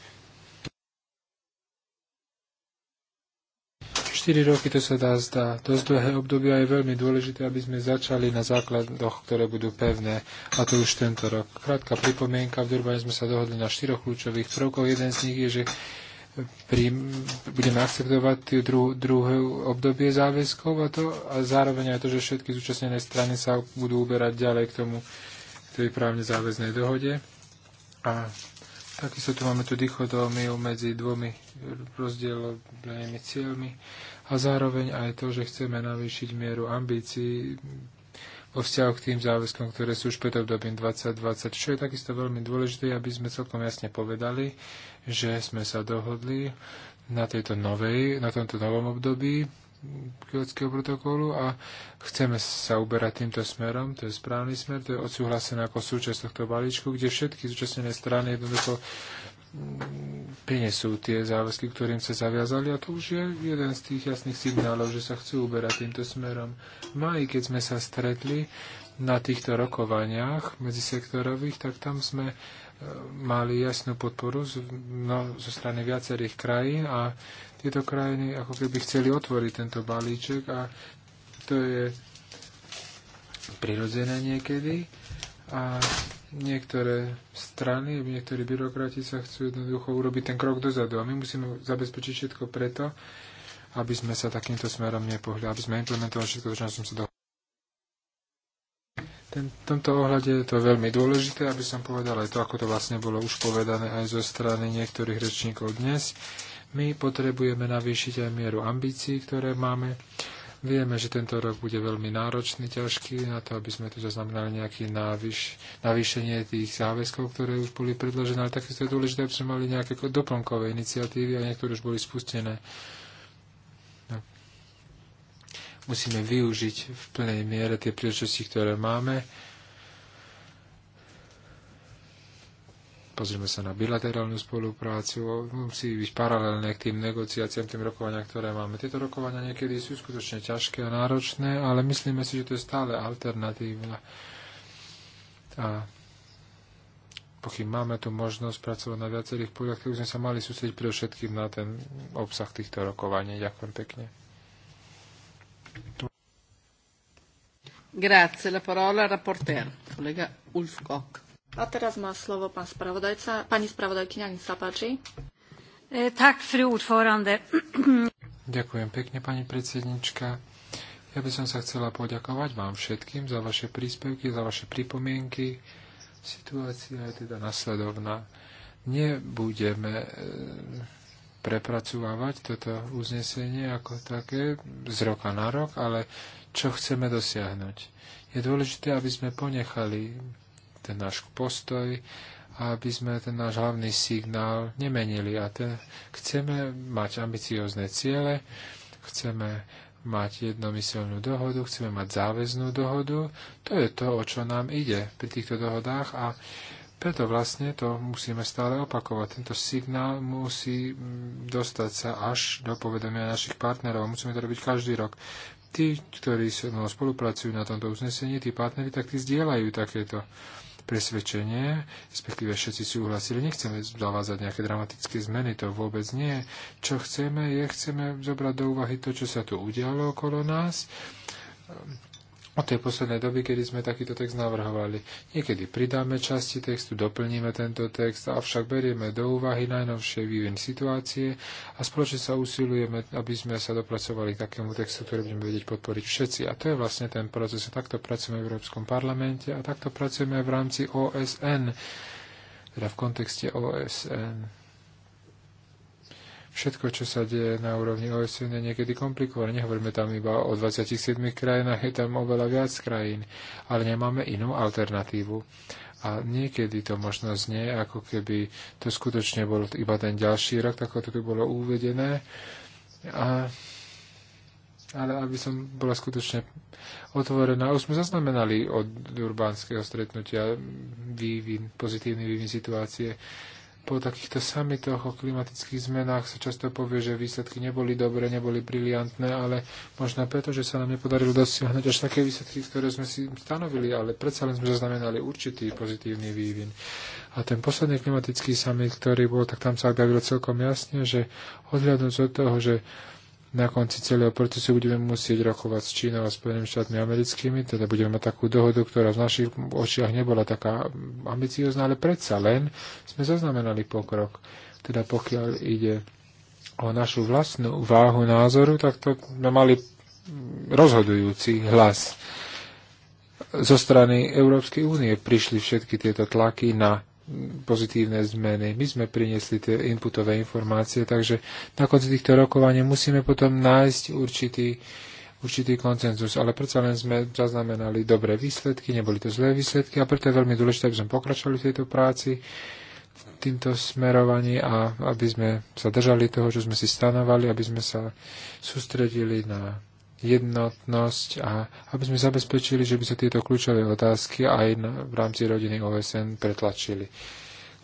4 roky to sa dá zdá. Dosť dlhé obdobie je veľmi dôležité, aby sme začali na základoch, ktoré budú pevné, a to už tento rok. Krátka pripomienka, v Durbane sme sa dohodli na štyroch kľúčových prvkov. Jeden z nich je, že pri, budeme akceptovať tú dru, druhé obdobie záväzkov a, to, a zároveň aj to, že všetky zúčastnené strany sa budú uberať ďalej k tomu k tej právne záväznej dohode. A Takisto tu máme tu dichotómiu medzi dvomi rozdielovými cieľmi a zároveň aj to, že chceme navýšiť mieru ambícií vo vzťahu k tým záväzkom, ktoré sú už pred obdobím 2020, čo je takisto veľmi dôležité, aby sme celkom jasne povedali, že sme sa dohodli na, tejto novej, na tomto novom období Kyotského protokolu a chceme sa uberať týmto smerom, to je správny smer, to je odsúhlasené ako súčasť tohto balíčku, kde všetky zúčastnené strany jednoducho mm, prinesú tie záväzky, ktorým sa zaviazali a to už je jeden z tých jasných signálov, že sa chcú uberať týmto smerom. Maj. keď sme sa stretli na týchto rokovaniach medzisektorových, tak tam sme e, mali jasnú podporu z, no, zo strany viacerých krajín a tieto krajiny ako keby chceli otvoriť tento balíček a to je prirodzené niekedy a niektoré strany, niektorí byrokrati sa chcú jednoducho urobiť ten krok dozadu a my musíme zabezpečiť všetko preto, aby sme sa takýmto smerom nepohli, aby sme implementovali všetko, čo som sa dohodol. V tomto ohľade je to veľmi dôležité, aby som povedal aj to, ako to vlastne bolo už povedané aj zo strany niektorých rečníkov dnes. My potrebujeme navýšiť aj mieru ambícií, ktoré máme. Vieme, že tento rok bude veľmi náročný, ťažký na to, aby sme tu zaznamenali nejaké navýš- navýšenie tých záväzkov, ktoré už boli predložené, ale takisto je dôležité, aby sme mali nejaké doplnkové iniciatívy a niektoré už boli spustené. No. Musíme využiť v plnej miere tie príležitosti, ktoré máme Pozrieme sa na bilaterálnu spoluprácu, musí byť paralelné k tým negociáciám, tým rokovania, ktoré máme. Tieto rokovania niekedy sú skutočne ťažké a náročné, ale myslíme si, že to je stále alternatíva. A pokým máme tu možnosť pracovať na viacerých poliach, tak by sme sa mali sústrediť pre všetkým na ten obsah týchto rokovaní. Ďakujem pekne. Grazie, la parola al rapporteur, collega Ulf Koch. A teraz má slovo pán spravodajca, pani spravodajkyňa, nech sa páči. E, tak, fru Ďakujem pekne, pani predsednička. Ja by som sa chcela poďakovať vám všetkým za vaše príspevky, za vaše pripomienky. Situácia je teda nasledovná. Nebudeme e, prepracovávať toto uznesenie ako také z roka na rok, ale čo chceme dosiahnuť. Je dôležité, aby sme ponechali ten náš postoj a aby sme ten náš hlavný signál nemenili. A ten, chceme mať ambiciozne ciele, chceme mať jednomyselnú dohodu, chceme mať záväznú dohodu. To je to, o čo nám ide pri týchto dohodách a preto vlastne to musíme stále opakovať. Tento signál musí mm, dostať sa až do povedomia našich partnerov. Musíme to robiť každý rok. Tí, ktorí so mnou spolupracujú na tomto uznesení, tí partneri, tak tí zdieľajú takéto presvedčenie, respektíve všetci súhlasili. Nechceme zavázať nejaké dramatické zmeny, to vôbec nie. Čo chceme, je, chceme zobrať do úvahy to, čo sa tu udialo okolo nás od tej poslednej doby, kedy sme takýto text navrhovali. Niekedy pridáme časti textu, doplníme tento text, avšak berieme do úvahy najnovšie vývin situácie a spoločne sa usilujeme, aby sme sa dopracovali k takému textu, ktorý budeme vedieť podporiť všetci. A to je vlastne ten proces. A takto pracujeme v Európskom parlamente a takto pracujeme v rámci OSN, teda v kontexte OSN všetko, čo sa deje na úrovni OSN, je niekedy komplikované. Nehovoríme tam iba o 27 krajinách, je tam oveľa viac krajín, ale nemáme inú alternatívu. A niekedy to možno znie, ako keby to skutočne bol iba ten ďalší rok, tak ako to tu bolo uvedené. A, ale aby som bola skutočne otvorená, už sme zaznamenali od urbánskeho stretnutia vývin, pozitívny vývin situácie po takýchto samitoch o klimatických zmenách sa často povie, že výsledky neboli dobré, neboli briliantné, ale možno preto, že sa nám nepodarilo dosiahnuť až také výsledky, ktoré sme si stanovili, ale predsa len sme zaznamenali určitý pozitívny vývin. A ten posledný klimatický summit, ktorý bol, tak tam sa objavilo celkom jasne, že odhľadnúť od toho, že na konci celého procesu budeme musieť rokovať s Čínou a Spojenými štátmi americkými, teda budeme mať takú dohodu, ktorá v našich očiach nebola taká ambiciozná, ale predsa len sme zaznamenali pokrok. Teda pokiaľ ide o našu vlastnú váhu názoru, tak to sme mali rozhodujúci hlas. Zo strany Európskej únie prišli všetky tieto tlaky na pozitívne zmeny. My sme priniesli tie inputové informácie, takže na konci týchto rokovaní musíme potom nájsť určitý, určitý koncenzus, ale predsa len sme zaznamenali dobré výsledky, neboli to zlé výsledky a preto je veľmi dôležité, aby sme pokračovali v tejto práci, v týmto smerovaní a aby sme sa držali toho, čo sme si stanovali, aby sme sa sústredili na jednotnosť a aby sme zabezpečili, že by sa tieto kľúčové otázky aj v rámci rodiny OSN pretlačili.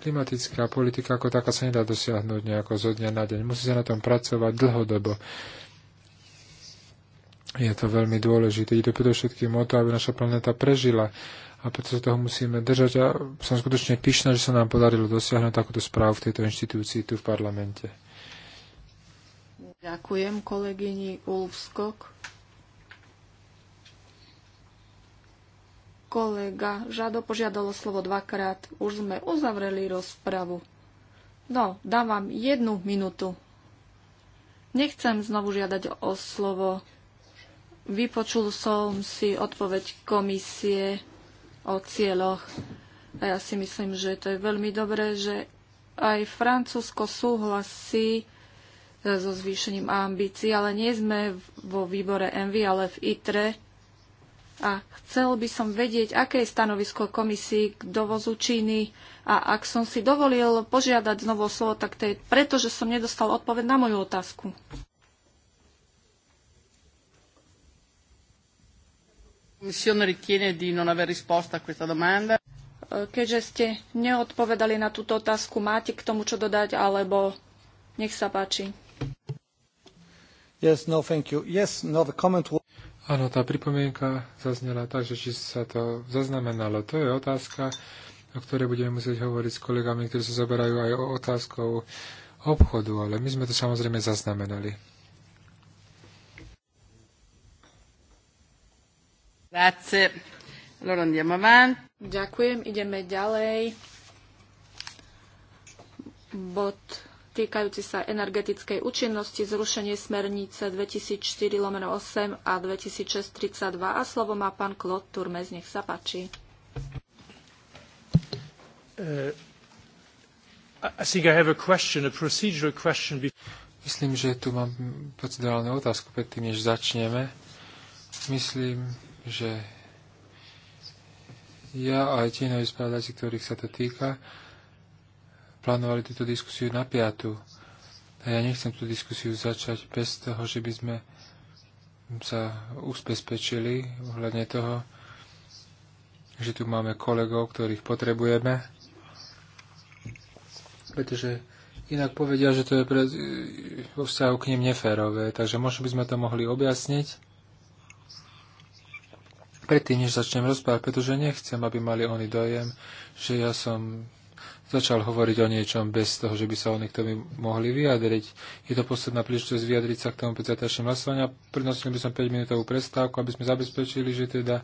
Klimatická politika ako taká sa nedá dosiahnuť nejako zo dňa na deň. Musí sa na tom pracovať dlhodobo. Je to veľmi dôležité. Ide predovšetkým o to, aby naša planéta prežila a preto sa toho musíme držať a som skutočne pyšná, že sa nám podarilo dosiahnuť takúto správu v tejto inštitúcii tu v parlamente. Ďakujem kolegyni Ulfskok. Kolega Žado požiadalo slovo dvakrát. Už sme uzavreli rozpravu. No, dám vám jednu minútu. Nechcem znovu žiadať o slovo. Vypočul som si odpoveď komisie o cieľoch. A ja si myslím, že to je veľmi dobré, že aj Francúzsko súhlasí so zvýšením ambícií, ale nie sme vo výbore MV, ale v ITRE. A chcel by som vedieť, aké je stanovisko komisii k dovozu Číny. A ak som si dovolil požiadať znovu slovo, tak to je preto, že som nedostal odpoveď na moju otázku. Keďže ste neodpovedali na túto otázku, máte k tomu čo dodať, alebo nech sa páči. Yes, no, thank you. Yes, no, the comment Áno, tá pripomienka zaznela tak, že či sa to zaznamenalo. To je otázka, o ktorej budeme musieť hovoriť s kolegami, ktorí sa zaberajú aj o otázkou obchodu, ale my sme to samozrejme zaznamenali. Ďakujem, ideme ďalej. Bot týkajúci sa energetickej účinnosti, zrušenie smernice 2004-8 a 2632. A slovo má pán Klod Turmez, nech sa páči. Uh, Myslím, že tu mám procedurálnu otázku predtým, než začneme. Myslím, že ja aj tie noví spravodajci, ktorých sa to týka, plánovali túto diskusiu na piatu. A ja nechcem tú diskusiu začať bez toho, že by sme sa uspespečili ohľadne toho, že tu máme kolegov, ktorých potrebujeme, pretože inak povedia, že to je pre, vo vzťahu k nim neférové, takže možno by sme to mohli objasniť predtým, než začnem rozprávať, pretože nechcem, aby mali oni dojem, že ja som začal hovoriť o niečom bez toho, že by sa oni k tomu mohli vyjadriť. Je to posledná príležitosť vyjadriť sa k tomu predzátačnému hlasovaniu. Prinosili by som 5 minútovú prestávku, aby sme zabezpečili, že teda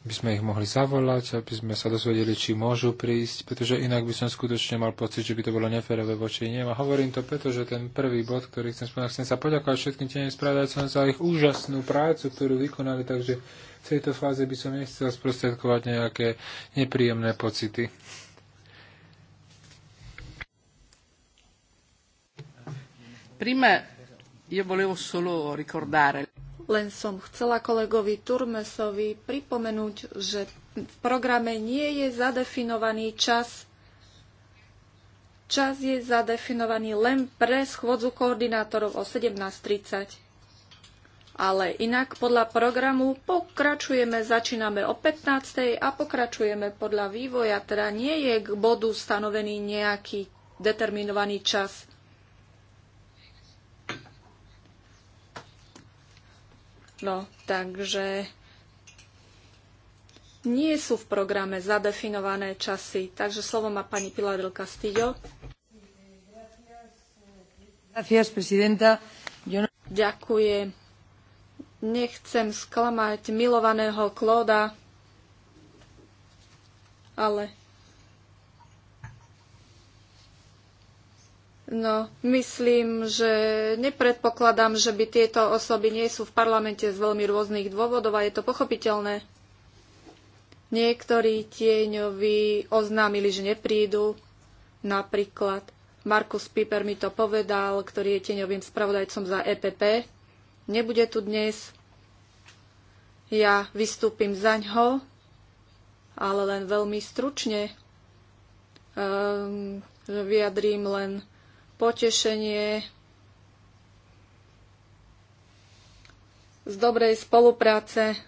by sme ich mohli zavolať, aby sme sa dozvedeli, či môžu prísť, pretože inak by som skutočne mal pocit, že by to bolo neférové voči nim. A hovorím to preto, že ten prvý bod, ktorý chcem spomenúť, chcem sa poďakovať všetkým teným spravodajcom za ich úžasnú prácu, ktorú vykonali, takže v tejto fáze by som nechcel sprostredkovať nejaké nepríjemné pocity. prima io volevo solo ricordare. Len som chcela kolegovi Turmesovi pripomenúť, že v programe nie je zadefinovaný čas. Čas je zadefinovaný len pre schôdzu koordinátorov o 17.30. Ale inak podľa programu pokračujeme, začíname o 15.00 a pokračujeme podľa vývoja, teda nie je k bodu stanovený nejaký determinovaný čas. No, takže nie sú v programe zadefinované časy. Takže slovo má pani Pilar del Castillo. No- Ďakujem. Nechcem sklamať milovaného Klóda, ale No, myslím, že nepredpokladám, že by tieto osoby nie sú v parlamente z veľmi rôznych dôvodov a je to pochopiteľné. Niektorí tieňovi oznámili, že neprídu. Napríklad Markus Piper mi to povedal, ktorý je tieňovým spravodajcom za EPP. Nebude tu dnes. Ja vystúpim zaňho, ale len veľmi stručne. Um, vyjadrím len potešenie z dobrej spolupráce.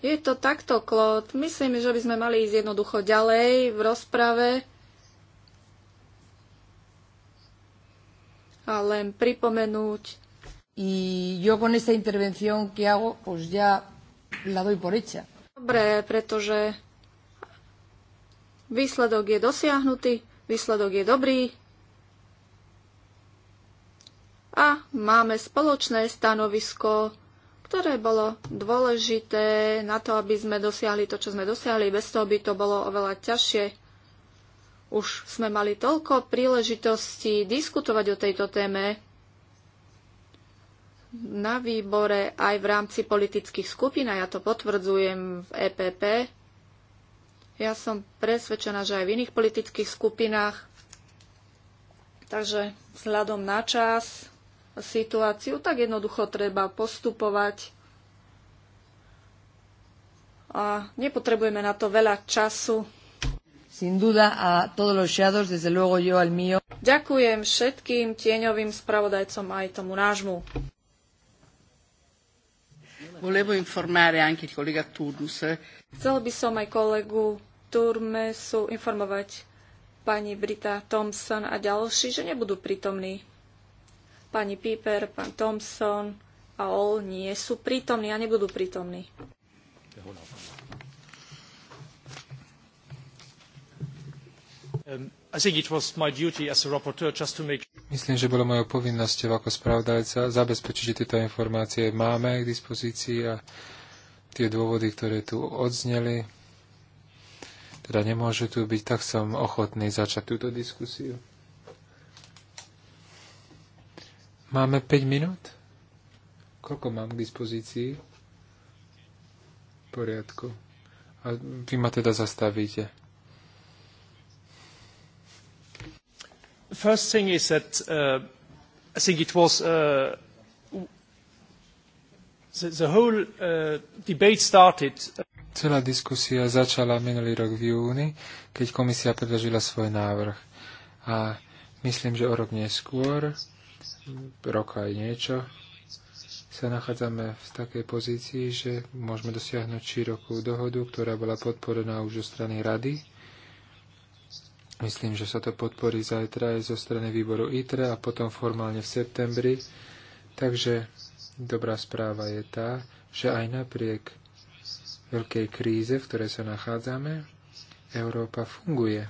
Je to takto, Klod. Myslím, že by sme mali ísť jednoducho ďalej v rozprave. A len pripomenúť. I yo con esta intervención que hago, pues ya la doy por hecha. Dobre, pretože výsledok je dosiahnutý, výsledok je dobrý, a máme spoločné stanovisko, ktoré bolo dôležité na to, aby sme dosiahli to, čo sme dosiahli. Bez toho by to bolo oveľa ťažšie. Už sme mali toľko príležitostí diskutovať o tejto téme na výbore aj v rámci politických skupín a ja to potvrdzujem v EPP. Ja som presvedčená, že aj v iných politických skupinách. Takže vzhľadom na čas situáciu, tak jednoducho treba postupovať. A nepotrebujeme na to veľa času. Sin duda a todos los shadows, desde luego yo al mío. Ďakujem všetkým tieňovým spravodajcom aj tomu nášmu. Volevo informare anche il collega Turnus. Chcel by som aj kolegu Turmesu informovať pani Brita Thompson a ďalší, že nebudú prítomní. Pani Piper, pán Thompson a Ol nie sú prítomní a nebudú prítomní. Um, Myslím, že bolo mojou povinnosťou ako spravodajca zabezpečiť, že tieto informácie máme k dispozícii a tie dôvody, ktoré tu odzneli, teda nemôžu tu byť, tak som ochotný začať túto diskusiu. Máme 5 minút? Koľko mám k dispozícii? V poriadku. A vy ma teda zastavíte. First thing is that uh, I think it was uh, the, the whole uh, debate started uh, Celá diskusia začala minulý rok v júni, keď komisia predložila svoj návrh. A myslím, že o rok neskôr roka aj niečo, sa nachádzame v takej pozícii, že môžeme dosiahnuť širokú dohodu, ktorá bola podporená už zo strany rady. Myslím, že sa to podporí zajtra aj zo strany výboru ITRE a potom formálne v septembri. Takže dobrá správa je tá, že aj napriek veľkej kríze, v ktorej sa nachádzame, Európa funguje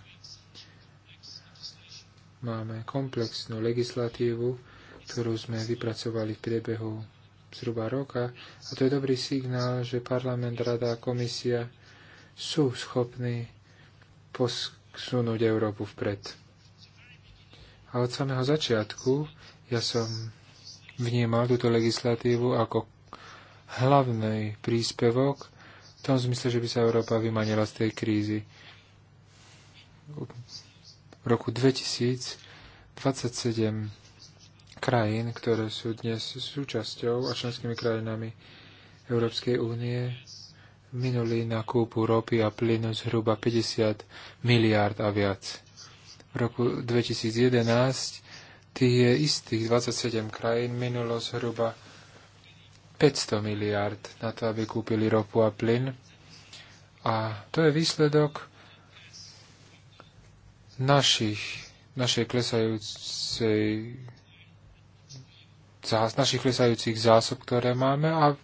máme komplexnú legislatívu, ktorú sme vypracovali v priebehu zhruba roka. A to je dobrý signál, že parlament, rada a komisia sú schopní posunúť Európu vpred. A od samého začiatku ja som vnímal túto legislatívu ako hlavný príspevok v tom zmysle, že by sa Európa vymanila z tej krízy v roku 2027 krajín, ktoré sú dnes súčasťou a členskými krajinami Európskej únie, minuli na kúpu ropy a plynu zhruba 50 miliárd a viac. V roku 2011 tých istých 27 krajín minulo zhruba 500 miliard na to, aby kúpili ropu a plyn. A to je výsledok našich, našej klesajúcej zás, našich klesajúcich zásob, ktoré máme a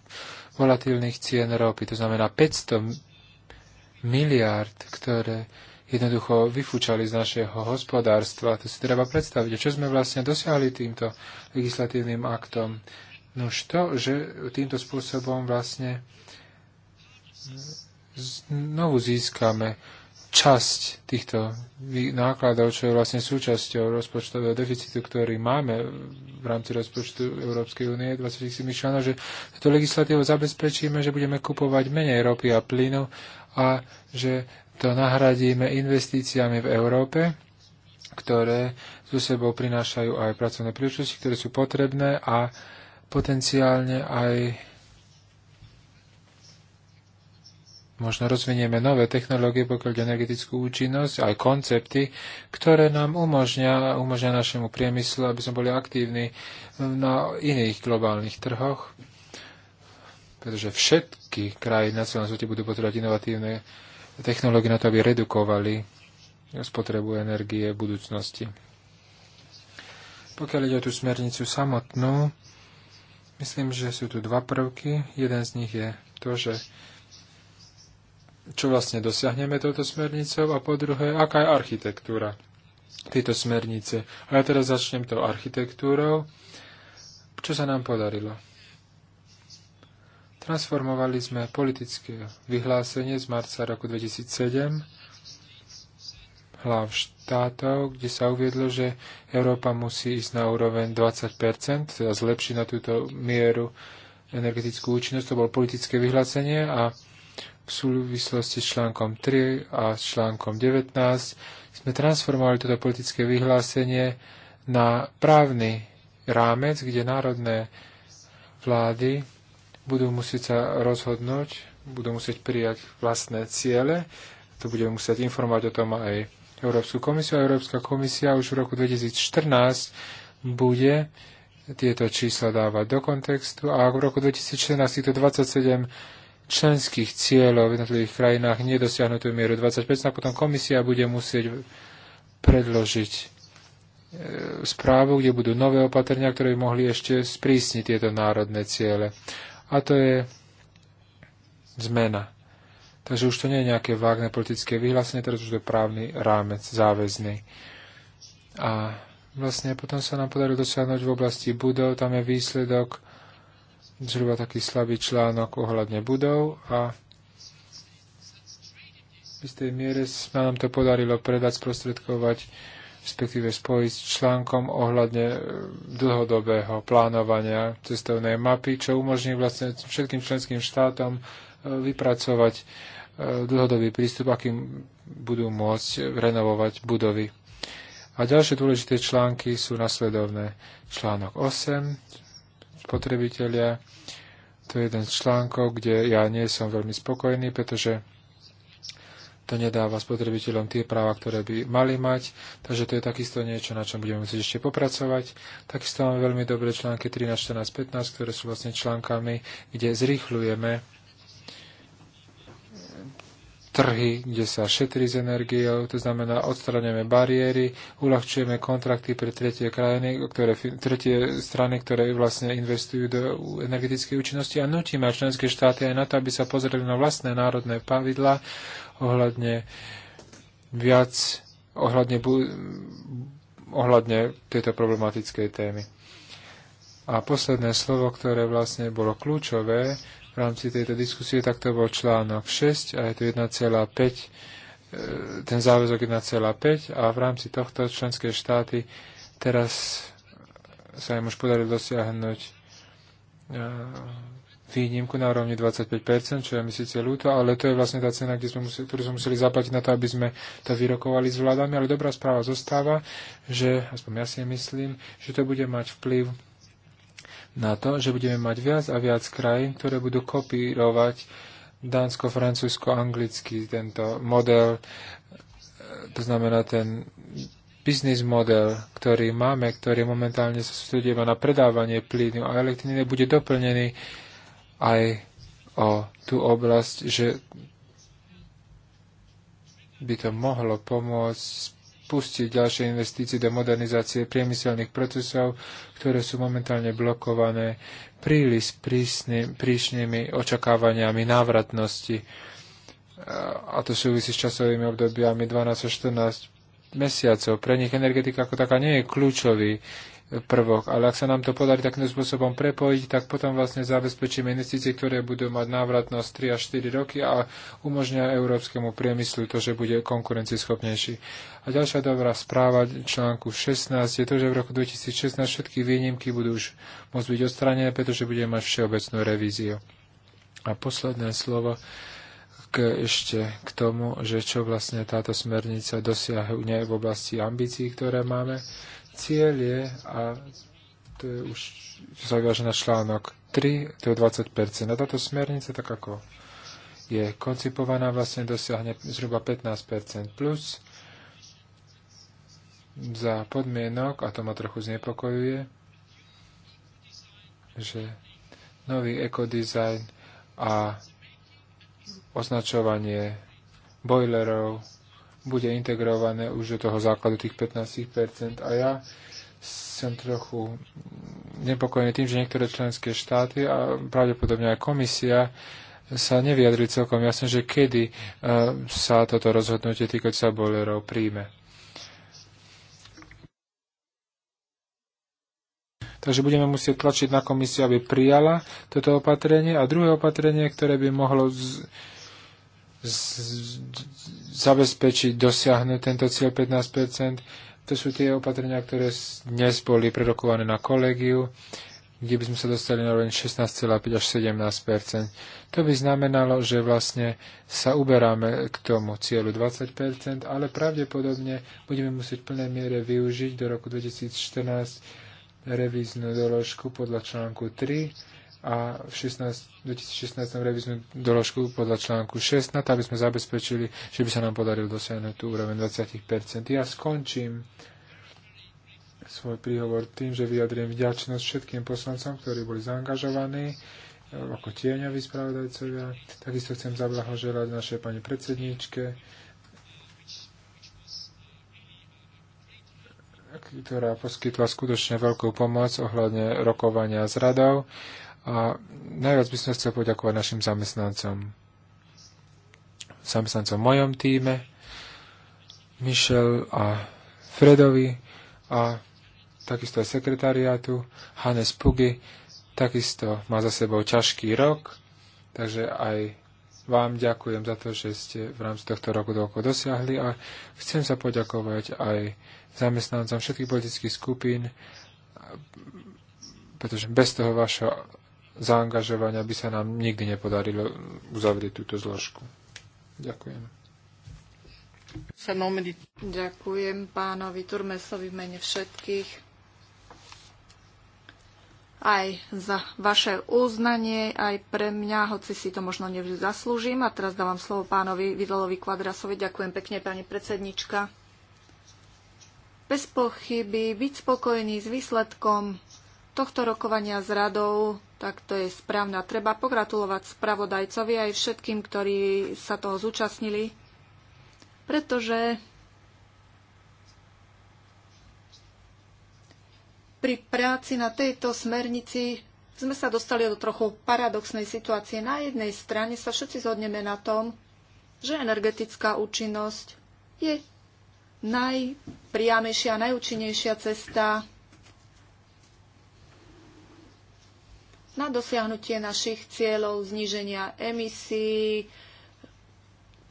volatilných cien ropy. To znamená 500 miliárd, ktoré jednoducho vyfúčali z našeho hospodárstva. To si treba predstaviť. A čo sme vlastne dosiahli týmto legislatívnym aktom? Nož to, že týmto spôsobom vlastne znovu získame časť týchto nákladov, čo je vlastne súčasťou rozpočtového deficitu, ktorý máme v rámci rozpočtu Európskej únie 27 myšlená, že túto legislatívu zabezpečíme, že budeme kupovať menej ropy a plynu a že to nahradíme investíciami v Európe, ktoré so sebou prinášajú aj pracovné príležitosti, ktoré sú potrebné a potenciálne aj možno rozvinieme nové technológie, pokiaľ energetickú účinnosť, aj koncepty, ktoré nám umožňa, umožňa našemu priemyslu, aby sme boli aktívni na iných globálnych trhoch, pretože všetky krajiny na celom svete budú potrebovať inovatívne technológie na to, aby redukovali spotrebu energie v budúcnosti. Pokiaľ ide o tú smernicu samotnú, myslím, že sú tu dva prvky. Jeden z nich je to, že čo vlastne dosiahneme touto smernicou a po druhé, aká je architektúra tejto smernice. A ja teraz začnem tou architektúrou. Čo sa nám podarilo? Transformovali sme politické vyhlásenie z marca roku 2007 hlav štátov, kde sa uviedlo, že Európa musí ísť na úroveň 20%, teda zlepšiť na túto mieru energetickú účinnosť. To bolo politické vyhlásenie a v súvislosti s článkom 3 a s článkom 19 sme transformovali toto politické vyhlásenie na právny rámec, kde národné vlády budú musieť sa rozhodnúť, budú musieť prijať vlastné ciele. Tu budeme musieť informovať o tom aj Európsku komisiu. A Európska komisia už v roku 2014 bude tieto čísla dávať do kontextu a v roku 2014 týchto 27 členských cieľov v jednotlivých krajinách nedosiahnutú mieru 25, a potom komisia bude musieť predložiť e, správu, kde budú nové opatrenia, ktoré by mohli ešte sprísniť tieto národné ciele. A to je zmena. Takže už to nie je nejaké vágne politické vyhlásenie, teraz už to je právny rámec záväzný. A vlastne potom sa nám podarilo dosiahnuť v oblasti budov, tam je výsledok zhruba taký slabý článok ohľadne budov a v istej miere sa nám to podarilo predať, sprostredkovať, respektíve spojiť s článkom ohľadne e, dlhodobého plánovania cestovnej mapy, čo umožní vlastne všetkým členským štátom e, vypracovať e, dlhodobý prístup, akým budú môcť renovovať budovy. A ďalšie dôležité články sú nasledovné. Článok 8, spotrebitelia. To je jeden z článkov, kde ja nie som veľmi spokojný, pretože to nedáva spotrebiteľom tie práva, ktoré by mali mať, takže to je takisto niečo, na čom budeme musieť ešte popracovať. Takisto máme veľmi dobré články 13, 14, 15, ktoré sú vlastne článkami, kde zrýchľujeme trhy, kde sa šetrí s energiou, to znamená odstraňujeme bariéry, uľahčujeme kontrakty pre tretie, krajiny, ktoré, tretie strany, ktoré vlastne investujú do energetickej účinnosti a nutíme členské štáty aj na to, aby sa pozreli na vlastné národné pravidla ohľadne viac ohľadne, ohľadne tejto problematickej témy. A posledné slovo, ktoré vlastne bolo kľúčové v rámci tejto diskusie, tak to bol článok 6 a je to 1,5, e, ten záväzok 1,5 a v rámci tohto členské štáty teraz sa im už podarilo dosiahnuť e, výnimku na úrovni 25%, čo je mi síce ľúto, ale to je vlastne tá cena, kde sme museli, ktorú sme museli zaplatiť na to, aby sme to vyrokovali s vládami. Ale dobrá správa zostáva, že, aspoň ja si myslím, že to bude mať vplyv na to, že budeme mať viac a viac krajín, ktoré budú kopírovať dánsko, francúzsko, anglicky tento model, to znamená ten biznis model, ktorý máme, ktorý momentálne sa sústredí na predávanie plynu a elektriny, bude doplnený aj o tú oblasť, že by to mohlo pomôcť spustiť ďalšie investície do modernizácie priemyselných procesov, ktoré sú momentálne blokované príliš príšnými očakávaniami návratnosti. A to súvisí s časovými obdobiami 12 až 14 mesiacov. Pre nich energetika ako taká nie je kľúčový prvok. Ale ak sa nám to podarí takým spôsobom prepojiť, tak potom vlastne zabezpečíme investície, ktoré budú mať návratnosť 3 až 4 roky a umožňujú európskemu priemyslu to, že bude konkurencieschopnejší. A ďalšia dobrá správa článku 16 je to, že v roku 2016 všetky výnimky budú už môcť byť odstranené, pretože budeme mať všeobecnú revíziu. A posledné slovo k, ešte k tomu, že čo vlastne táto smernica dosiahne v oblasti ambícií, ktoré máme. Cieľ je, a to je už to na článok 3, to je 20%. A táto smernica, tak ako je koncipovaná, vlastne dosiahne zhruba 15% plus za podmienok, a to ma trochu znepokojuje, že nový ekodizajn a označovanie bojlerov bude integrované už do toho základu tých 15%. A ja som trochu nepokojný tým, že niektoré členské štáty a pravdepodobne aj komisia sa nevyjadri celkom jasne, že kedy e, sa toto rozhodnutie týkať sa bolerov príjme. Takže budeme musieť tlačiť na komisiu, aby prijala toto opatrenie a druhé opatrenie, ktoré by mohlo z zabezpečiť, dosiahnuť tento cieľ 15 To sú tie opatrenia, ktoré dnes boli prerokované na kolegiu, kde by sme sa dostali na len 16,5 až 17 To by znamenalo, že vlastne sa uberáme k tomu cieľu 20 ale pravdepodobne budeme musieť v plnej miere využiť do roku 2014 revíznu doložku podľa článku 3 a v 16, 2016 reviznú doložku podľa článku 16, aby sme zabezpečili, že by sa nám podarilo dosiahnuť tú úroveň 20%. Ja skončím svoj príhovor tým, že vyjadriem vďačnosť všetkým poslancom, ktorí boli zaangažovaní e, ako tieňaví spravodajcovia. Takisto chcem zablahoželať našej pani predsedničke, ktorá poskytla skutočne veľkú pomoc ohľadne rokovania s radou. A najviac by som chcel poďakovať našim zamestnancom. Zamestnancom v mojom týme, Michel a Fredovi a takisto aj sekretariátu, Hannes Pugy, takisto má za sebou ťažký rok, takže aj vám ďakujem za to, že ste v rámci tohto roku toľko dosiahli a chcem sa poďakovať aj zamestnancom všetkých politických skupín, pretože bez toho vašho zaangažovania by sa nám nikdy nepodarilo uzavrieť túto zložku. Ďakujem. Ďakujem pánovi Turmesovi v mene všetkých aj za vaše uznanie, aj pre mňa, hoci si to možno nevždy zaslúžim. A teraz dávam slovo pánovi Vidalovi Kvadrasovi. Ďakujem pekne, pani predsednička. Bez pochyby byť spokojný s výsledkom tohto rokovania s radou tak to je správne. treba pogratulovať spravodajcovi aj všetkým, ktorí sa toho zúčastnili, pretože pri práci na tejto smernici sme sa dostali do trochu paradoxnej situácie. Na jednej strane sa všetci zhodneme na tom, že energetická účinnosť je najpriamejšia a najúčinnejšia cesta na dosiahnutie našich cieľov zníženia emisí,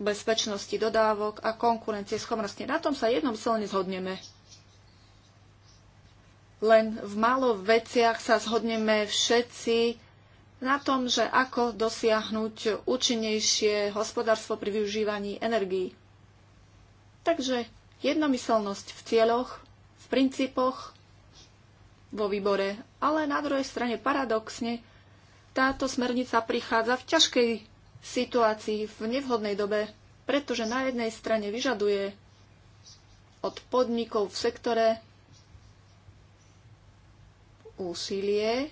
bezpečnosti dodávok a konkurencie schopnosti. Na tom sa jednomyselne zhodneme. Len v málo veciach sa zhodneme všetci na tom, že ako dosiahnuť účinnejšie hospodárstvo pri využívaní energií. Takže jednomyselnosť v cieľoch, v princípoch vo výbore. Ale na druhej strane paradoxne táto smernica prichádza v ťažkej situácii, v nevhodnej dobe, pretože na jednej strane vyžaduje od podnikov v sektore úsilie,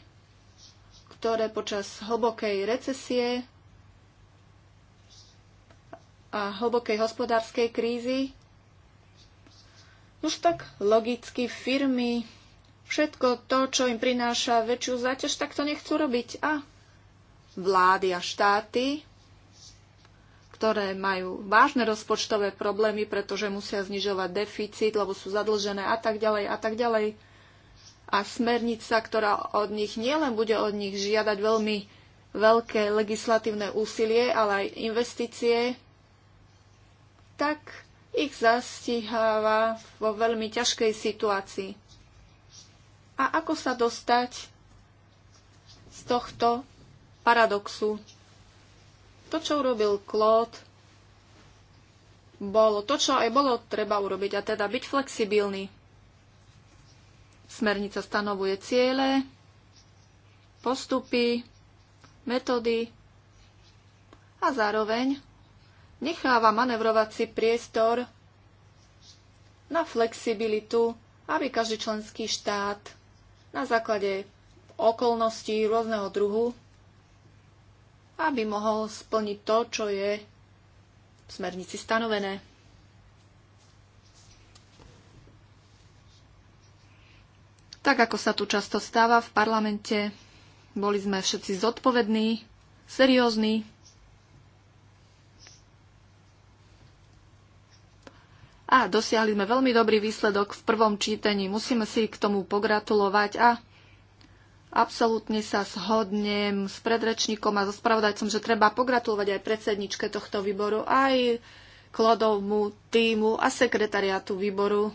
ktoré počas hlbokej recesie a hlbokej hospodárskej krízy už tak logicky firmy všetko to, čo im prináša väčšiu záťaž, tak to nechcú robiť. A vlády a štáty, ktoré majú vážne rozpočtové problémy, pretože musia znižovať deficit, lebo sú zadlžené a tak ďalej a tak ďalej. A smernica, ktorá od nich nielen bude od nich žiadať veľmi veľké legislatívne úsilie, ale aj investície, tak ich zastiháva vo veľmi ťažkej situácii a ako sa dostať z tohto paradoxu. To, čo urobil Claude, bolo to, čo aj bolo treba urobiť, a teda byť flexibilný. Smernica stanovuje ciele, postupy, metódy a zároveň necháva manevrovací priestor na flexibilitu, aby každý členský štát na základe okolností rôzneho druhu, aby mohol splniť to, čo je v smernici stanovené. Tak ako sa tu často stáva v parlamente, boli sme všetci zodpovední, seriózni, a dosiahli sme veľmi dobrý výsledok v prvom čítaní. Musíme si k tomu pogratulovať a absolútne sa shodnem s predrečníkom a so spravodajcom, že treba pogratulovať aj predsedničke tohto výboru, aj Klodovmu týmu a sekretariátu výboru.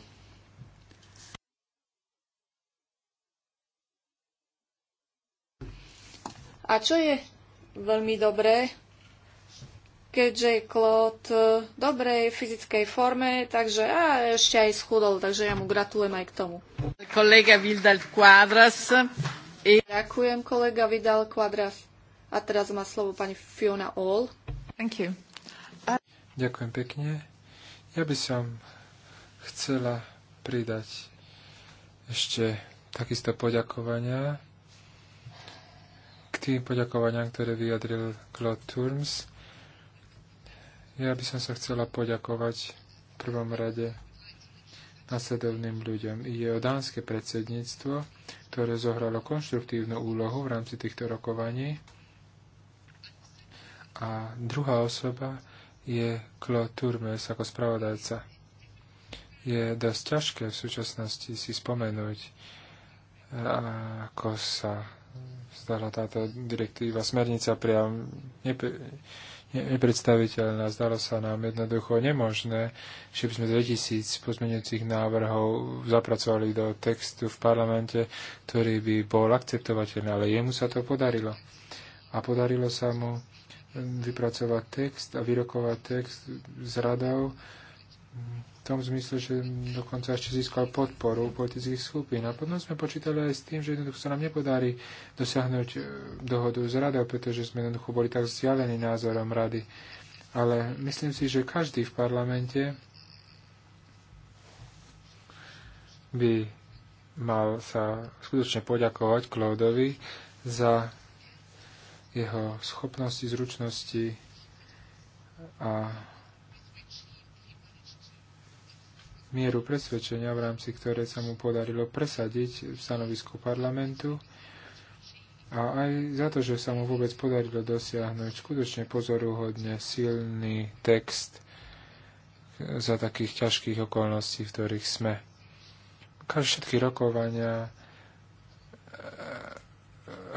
A čo je veľmi dobré, keďže je Klot v dobrej fyzickej forme, takže a ešte aj schudol, takže ja mu gratulujem aj k tomu. Kolega Vidal Quadras. E... Ďakujem, kolega Vidal Quadras. A teraz má slovo pani Fiona All. Thank you. A... Ďakujem pekne. Ja by som chcela pridať ešte takisto poďakovania k tým poďakovaniam, ktoré vyjadril Claude Turms ja by som sa chcela poďakovať v prvom rade nasledovným ľuďom. Ide o dánske predsedníctvo, ktoré zohralo konštruktívnu úlohu v rámci týchto rokovaní. A druhá osoba je Claude Turmes ako spravodajca. Je dosť ťažké v súčasnosti si spomenúť, ako sa stala táto direktíva, smernica priam nepr nepredstaviteľná. Zdalo sa nám jednoducho nemožné, že by sme 2000 pozmeňujúcich návrhov zapracovali do textu v parlamente, ktorý by bol akceptovateľný, ale jemu sa to podarilo. A podarilo sa mu vypracovať text a vyrokovať text s radou, tom zmysle, že dokonca ešte získal podporu politických skupín. A potom sme počítali aj s tým, že jednoducho sa nám nepodarí dosiahnuť e, dohodu s radou, pretože sme jednoducho boli tak vzdialení názorom rady. Ale myslím si, že každý v parlamente by mal sa skutočne poďakovať Klódovi za jeho schopnosti, zručnosti a mieru presvedčenia, v rámci ktorej sa mu podarilo presadiť v stanovisku parlamentu a aj za to, že sa mu vôbec podarilo dosiahnuť skutočne pozoruhodne silný text za takých ťažkých okolností, v ktorých sme. Každé všetky rokovania, eh,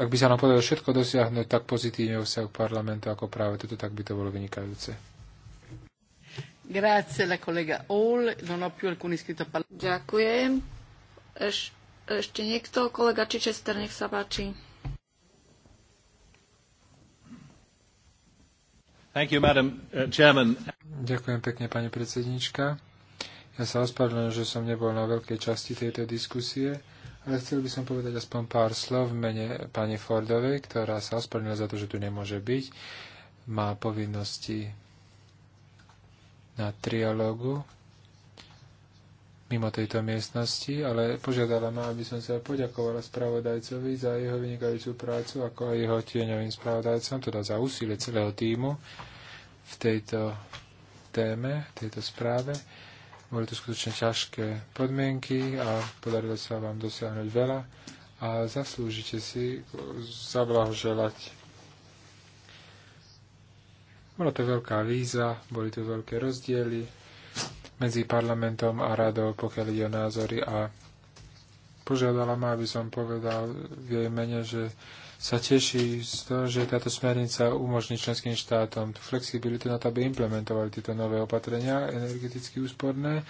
ak by sa nám podarilo všetko dosiahnuť tak pozitívne vo parlamentu ako práve toto, tak by to bolo vynikajúce. Grazie la collega Hall, non ho più alcun iscritto a parlare. Ďakujem. ešte niekto? Kolega Čičester, nech sa páči. Thank you, madam, uh, chairman. Ďakujem pekne, pani predsednička. Ja sa ospravedlňujem, že som nebol na veľkej časti tejto diskusie, ale chcel by som povedať aspoň pár slov v mene pani Fordovej, ktorá sa ospravedlňuje za to, že tu nemôže byť. Má povinnosti na trialógu mimo tejto miestnosti, ale požiadala ma, aby som sa poďakovala spravodajcovi za jeho vynikajúcu prácu, ako aj jeho tieňovým spravodajcom, teda za úsilie celého týmu v tejto téme, v tejto správe. Boli to skutočne ťažké podmienky a podarilo sa vám dosiahnuť veľa a zaslúžite si zablahoželať bola to veľká víza, boli tu veľké rozdiely medzi parlamentom a radou, pokiaľ ide o názory a požiadala ma, aby som povedal v jej mene, že sa teší z toho, že táto smernica umožní členským štátom tú flexibilitu na to, aby implementovali tieto nové opatrenia energeticky úsporné.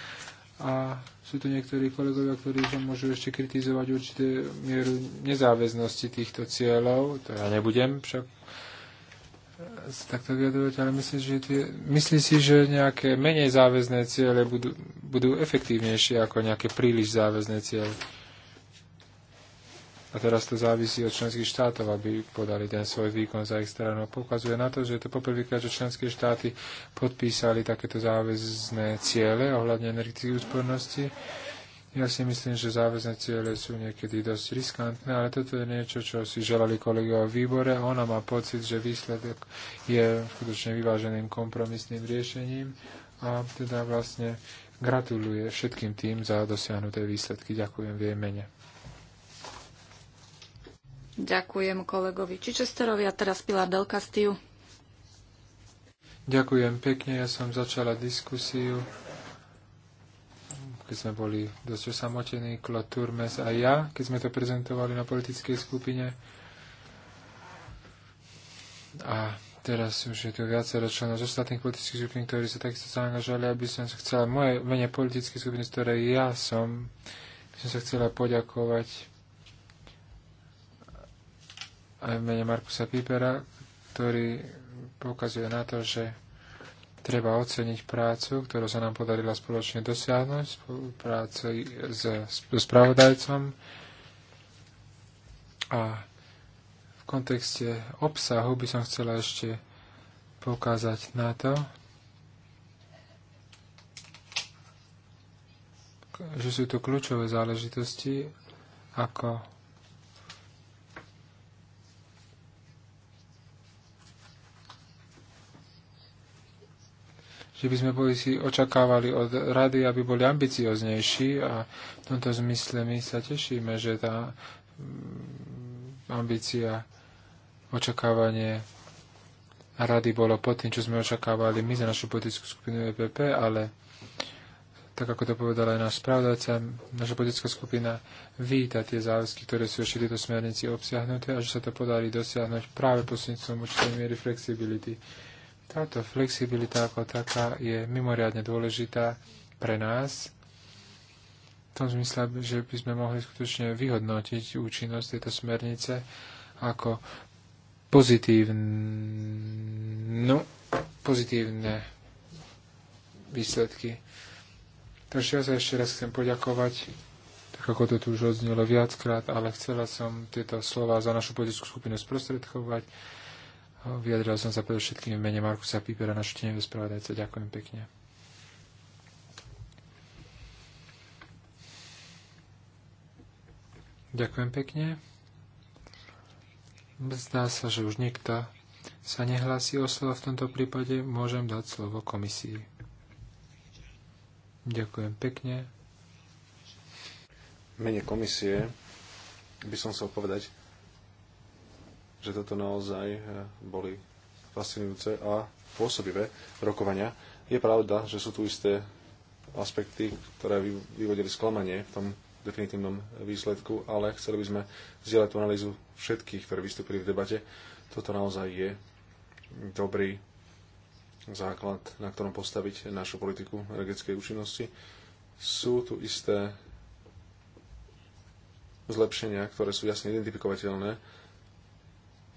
A sú tu niektorí kolegovia, ktorí sa môžu ešte kritizovať určité mieru nezáväznosti týchto cieľov. To ja nebudem však takto vyjadrovať, ale myslím, že tie, myslí si, že nejaké menej záväzné ciele budú, budú efektívnejšie ako nejaké príliš záväzné ciele. A teraz to závisí od členských štátov, aby podali ten svoj výkon za ich stranu. Poukazuje na to, že je to poprvýkrát, že členské štáty podpísali takéto záväzné ciele ohľadne energetických úspornosti. Ja si myslím, že záväzne ciele sú niekedy dosť riskantné, ale toto je niečo, čo si želali kolegovia v výbore. Ona má pocit, že výsledok je skutočne vyváženým kompromisným riešením a teda vlastne gratuluje všetkým tým za dosiahnuté výsledky. Ďakujem v jej mene. Ďakujem kolegovi Čičesterovi a teraz Pilar Del Castillo. Ďakujem pekne, ja som začala diskusiu keď sme boli dosť osamotení, Claude Turmes a ja, keď sme to prezentovali na politickej skupine. A teraz už je tu viacero členov z ostatných politických skupín, ktorí sa takisto zaangažovali, aby som sa chcela, moje mene politické skupiny, z ktorej ja som, by som sa chcela poďakovať aj mene Markusa Pipera, ktorý poukazuje na to, že Treba oceniť prácu, ktorú sa nám podarila spoločne dosiahnuť, prácu s, so spravodajcom a v kontexte obsahu by som chcela ešte poukázať na to, že sú tu kľúčové záležitosti ako že by sme boli si očakávali od rady, aby boli ambicioznejší a v tomto zmysle my sa tešíme, že tá mm, ambícia, očakávanie rady bolo pod tým, čo sme očakávali my za našu politickú skupinu EPP, ale tak ako to povedala aj náš spravodajca, naša politická skupina víta tie záväzky, ktoré sú ešte tieto smernici obsiahnuté a že sa to podarí dosiahnuť práve posledným určitej miery flexibility táto flexibilita ako taká je mimoriadne dôležitá pre nás, v tom zmysle, že by sme mohli skutočne vyhodnotiť účinnosť tejto smernice ako pozitívnu, pozitívne výsledky. Takže ja sa ešte raz chcem poďakovať, tak ako to tu už odznelo viackrát, ale chcela som tieto slova za našu politickú skupinu sprostredkovať Vyjadril som sa všetkým v mene Markusa Pípera, našu tenevú spravodajca. Ďakujem pekne. Ďakujem pekne. Zdá sa, že už niekto sa nehlási o slovo. V tomto prípade môžem dať slovo komisii. Ďakujem pekne. Mene komisie by som chcel povedať, že toto naozaj eh, boli fascinujúce a pôsobivé rokovania. Je pravda, že sú tu isté aspekty, ktoré vyvodili sklamanie v tom definitívnom výsledku, ale chceli by sme zdieľať tú analýzu všetkých, ktorí vystúpili v debate. Toto naozaj je dobrý základ, na ktorom postaviť našu politiku energetickej účinnosti. Sú tu isté zlepšenia, ktoré sú jasne identifikovateľné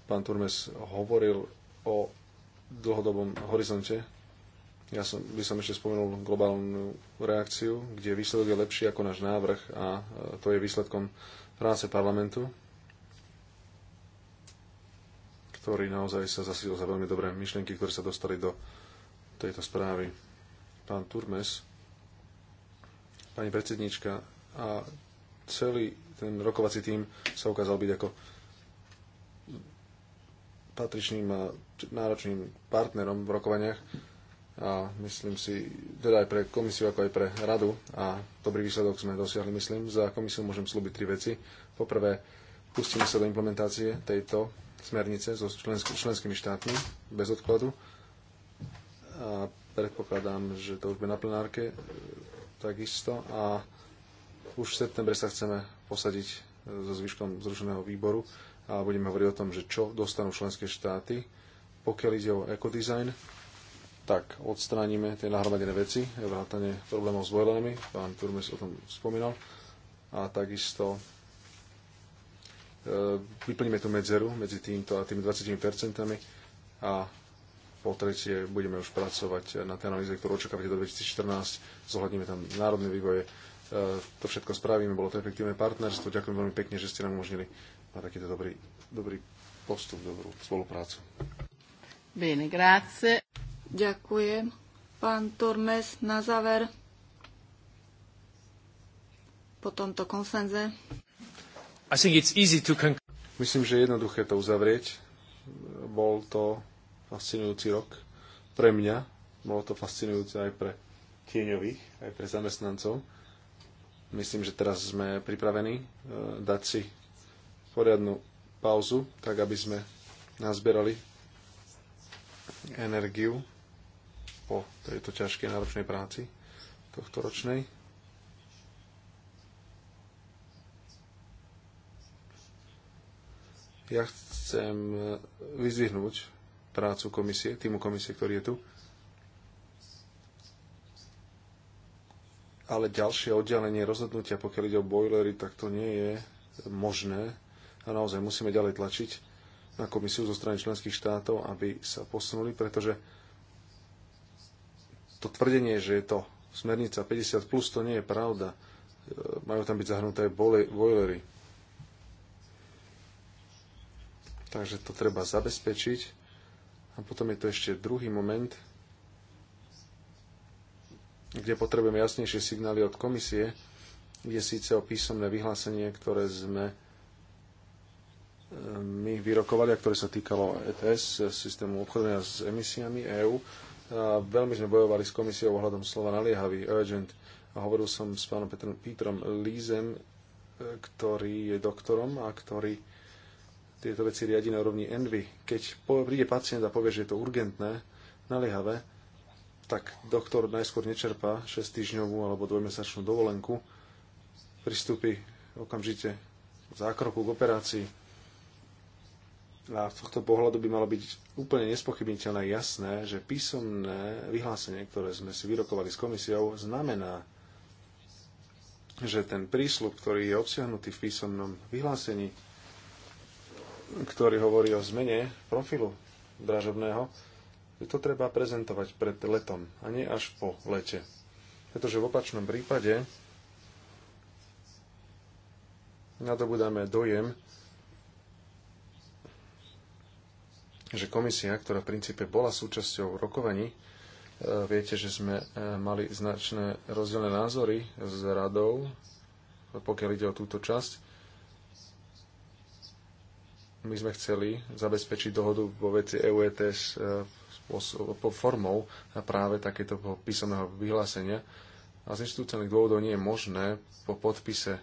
Pán Turmes hovoril o dlhodobom horizonte. Ja som, by som ešte spomenul globálnu reakciu, kde výsledok je lepší ako náš návrh a e, to je výsledkom práce parlamentu, ktorý naozaj sa zasil za veľmi dobré myšlienky, ktoré sa dostali do tejto správy. Pán Turmes, pani predsednička a celý ten rokovací tím sa ukázal byť ako patričným a náročným partnerom v rokovaniach a myslím si, teda aj pre komisiu, ako aj pre radu a dobrý výsledok sme dosiahli, myslím. Za komisiu môžem slúbiť tri veci. Poprvé, pustíme sa do implementácie tejto smernice so členskými štátmi bez odkladu a predpokladám, že to už bude na plenárke e, takisto a už v septembre sa chceme posadiť e, so zvyškom zrušeného výboru ale budeme hovoriť o tom, že čo dostanú členské štáty. Pokiaľ ide o ekodizajn, tak odstránime tie nahromadené veci, vrátane problémov s bojlermi, pán Turmes o tom spomínal, a takisto e, vyplníme tú medzeru medzi týmto a tými 20% a po tretie budeme už pracovať na tej analýze, ktorú očakávate do 2014, zohľadníme tam národné vývoje, e, to všetko spravíme, bolo to efektívne partnerstvo, ďakujem veľmi pekne, že ste nám umožnili na takýto dobrý, dobrý postup, dobrú spoluprácu. Bene, grazie. Ďakujem. Pán Turmes, na záver po tomto konsenze. I think it's easy to Myslím, že je jednoduché to uzavrieť. Bol to fascinujúci rok pre mňa. Bolo to fascinujúce aj pre tieňových, aj pre zamestnancov. Myslím, že teraz sme pripravení eh, dať si poriadnu pauzu, tak aby sme nazberali energiu po tejto ťažkej náročnej práci tohto ročnej. Ja chcem vyzvihnúť prácu komisie, týmu komisie, ktorý je tu. Ale ďalšie oddelenie rozhodnutia, pokiaľ ide o boilery, tak to nie je možné a naozaj musíme ďalej tlačiť na komisiu zo strany členských štátov, aby sa posunuli, pretože to tvrdenie, že je to smernica 50+, plus, to nie je pravda. E, majú tam byť zahrnuté bojlery. Takže to treba zabezpečiť. A potom je tu ešte druhý moment, kde potrebujeme jasnejšie signály od komisie, je síce o písomné vyhlásenie, ktoré sme my vyrokovali a ktoré sa týkalo ETS, systému obchodovania s emisiami EÚ. Veľmi sme bojovali s komisiou ohľadom slova naliehavý, urgent. A hovoril som s pánom Petrom, Pítrom Lízem, e, ktorý je doktorom a ktorý tieto veci riadi na úrovni envy. Keď príde pacient a povie, že je to urgentné, naliehavé, tak doktor najskôr nečerpá 6 týždňovú alebo dvojmesačnú dovolenku, pristúpi okamžite v zákroku k operácii, a z tohto pohľadu by malo byť úplne nespochybniteľné jasné, že písomné vyhlásenie, ktoré sme si vyrokovali s komisiou, znamená, že ten prísľub, ktorý je obsiahnutý v písomnom vyhlásení, ktorý hovorí o zmene profilu dražobného, že to treba prezentovať pred letom a nie až po lete. Pretože v opačnom prípade nadobudáme dojem, že komisia, ktorá v princípe bola súčasťou rokovaní, e, viete, že sme e, mali značné rozdielne názory s radou, pokiaľ ide o túto časť. My sme chceli zabezpečiť dohodu vo veci EUET ETS e, formou práve takéto písomného vyhlásenia. A z inštitúciálnych dôvodov nie je možné po podpise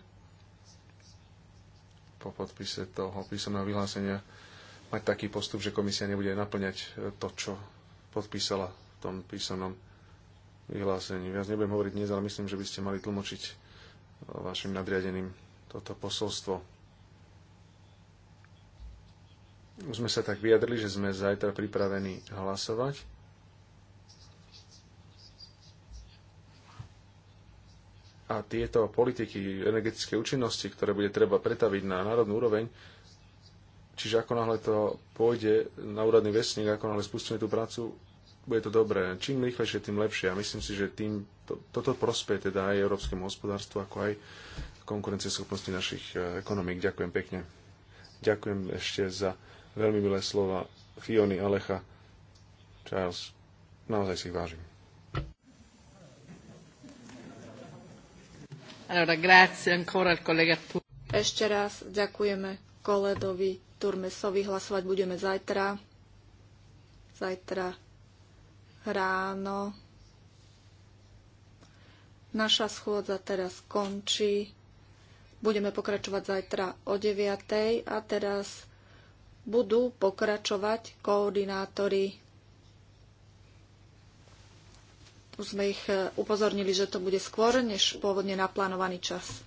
po podpise toho písomného vyhlásenia mať taký postup, že komisia nebude naplňať e, to, čo podpísala v tom písanom vyhlásení. Viac nebudem hovoriť dnes, ale myslím, že by ste mali tlmočiť e, vašim nadriadeným toto posolstvo. Už sme sa tak vyjadrili, že sme zajtra pripravení hlasovať. A tieto politiky energetickej účinnosti, ktoré bude treba pretaviť na národnú úroveň, Čiže ako náhle to pôjde na úradný vesník, ako náhle spustíme tú prácu, bude to dobré. Čím rýchlejšie, tým lepšie. A myslím si, že tým, to, toto prospie teda aj európskemu hospodárstvu, ako aj konkurencieschopnosti našich e, ekonomík. Ďakujem pekne. Ďakujem ešte za veľmi milé slova Fiony, Alecha, Charles. Naozaj si ich vážim. Ešte raz ďakujeme koledovi. Turmesovi hlasovať budeme zajtra. Zajtra ráno. Naša schôdza teraz končí. Budeme pokračovať zajtra o 9. a teraz budú pokračovať koordinátori. Už sme ich eh, upozornili, že to bude skôr než pôvodne naplánovaný čas.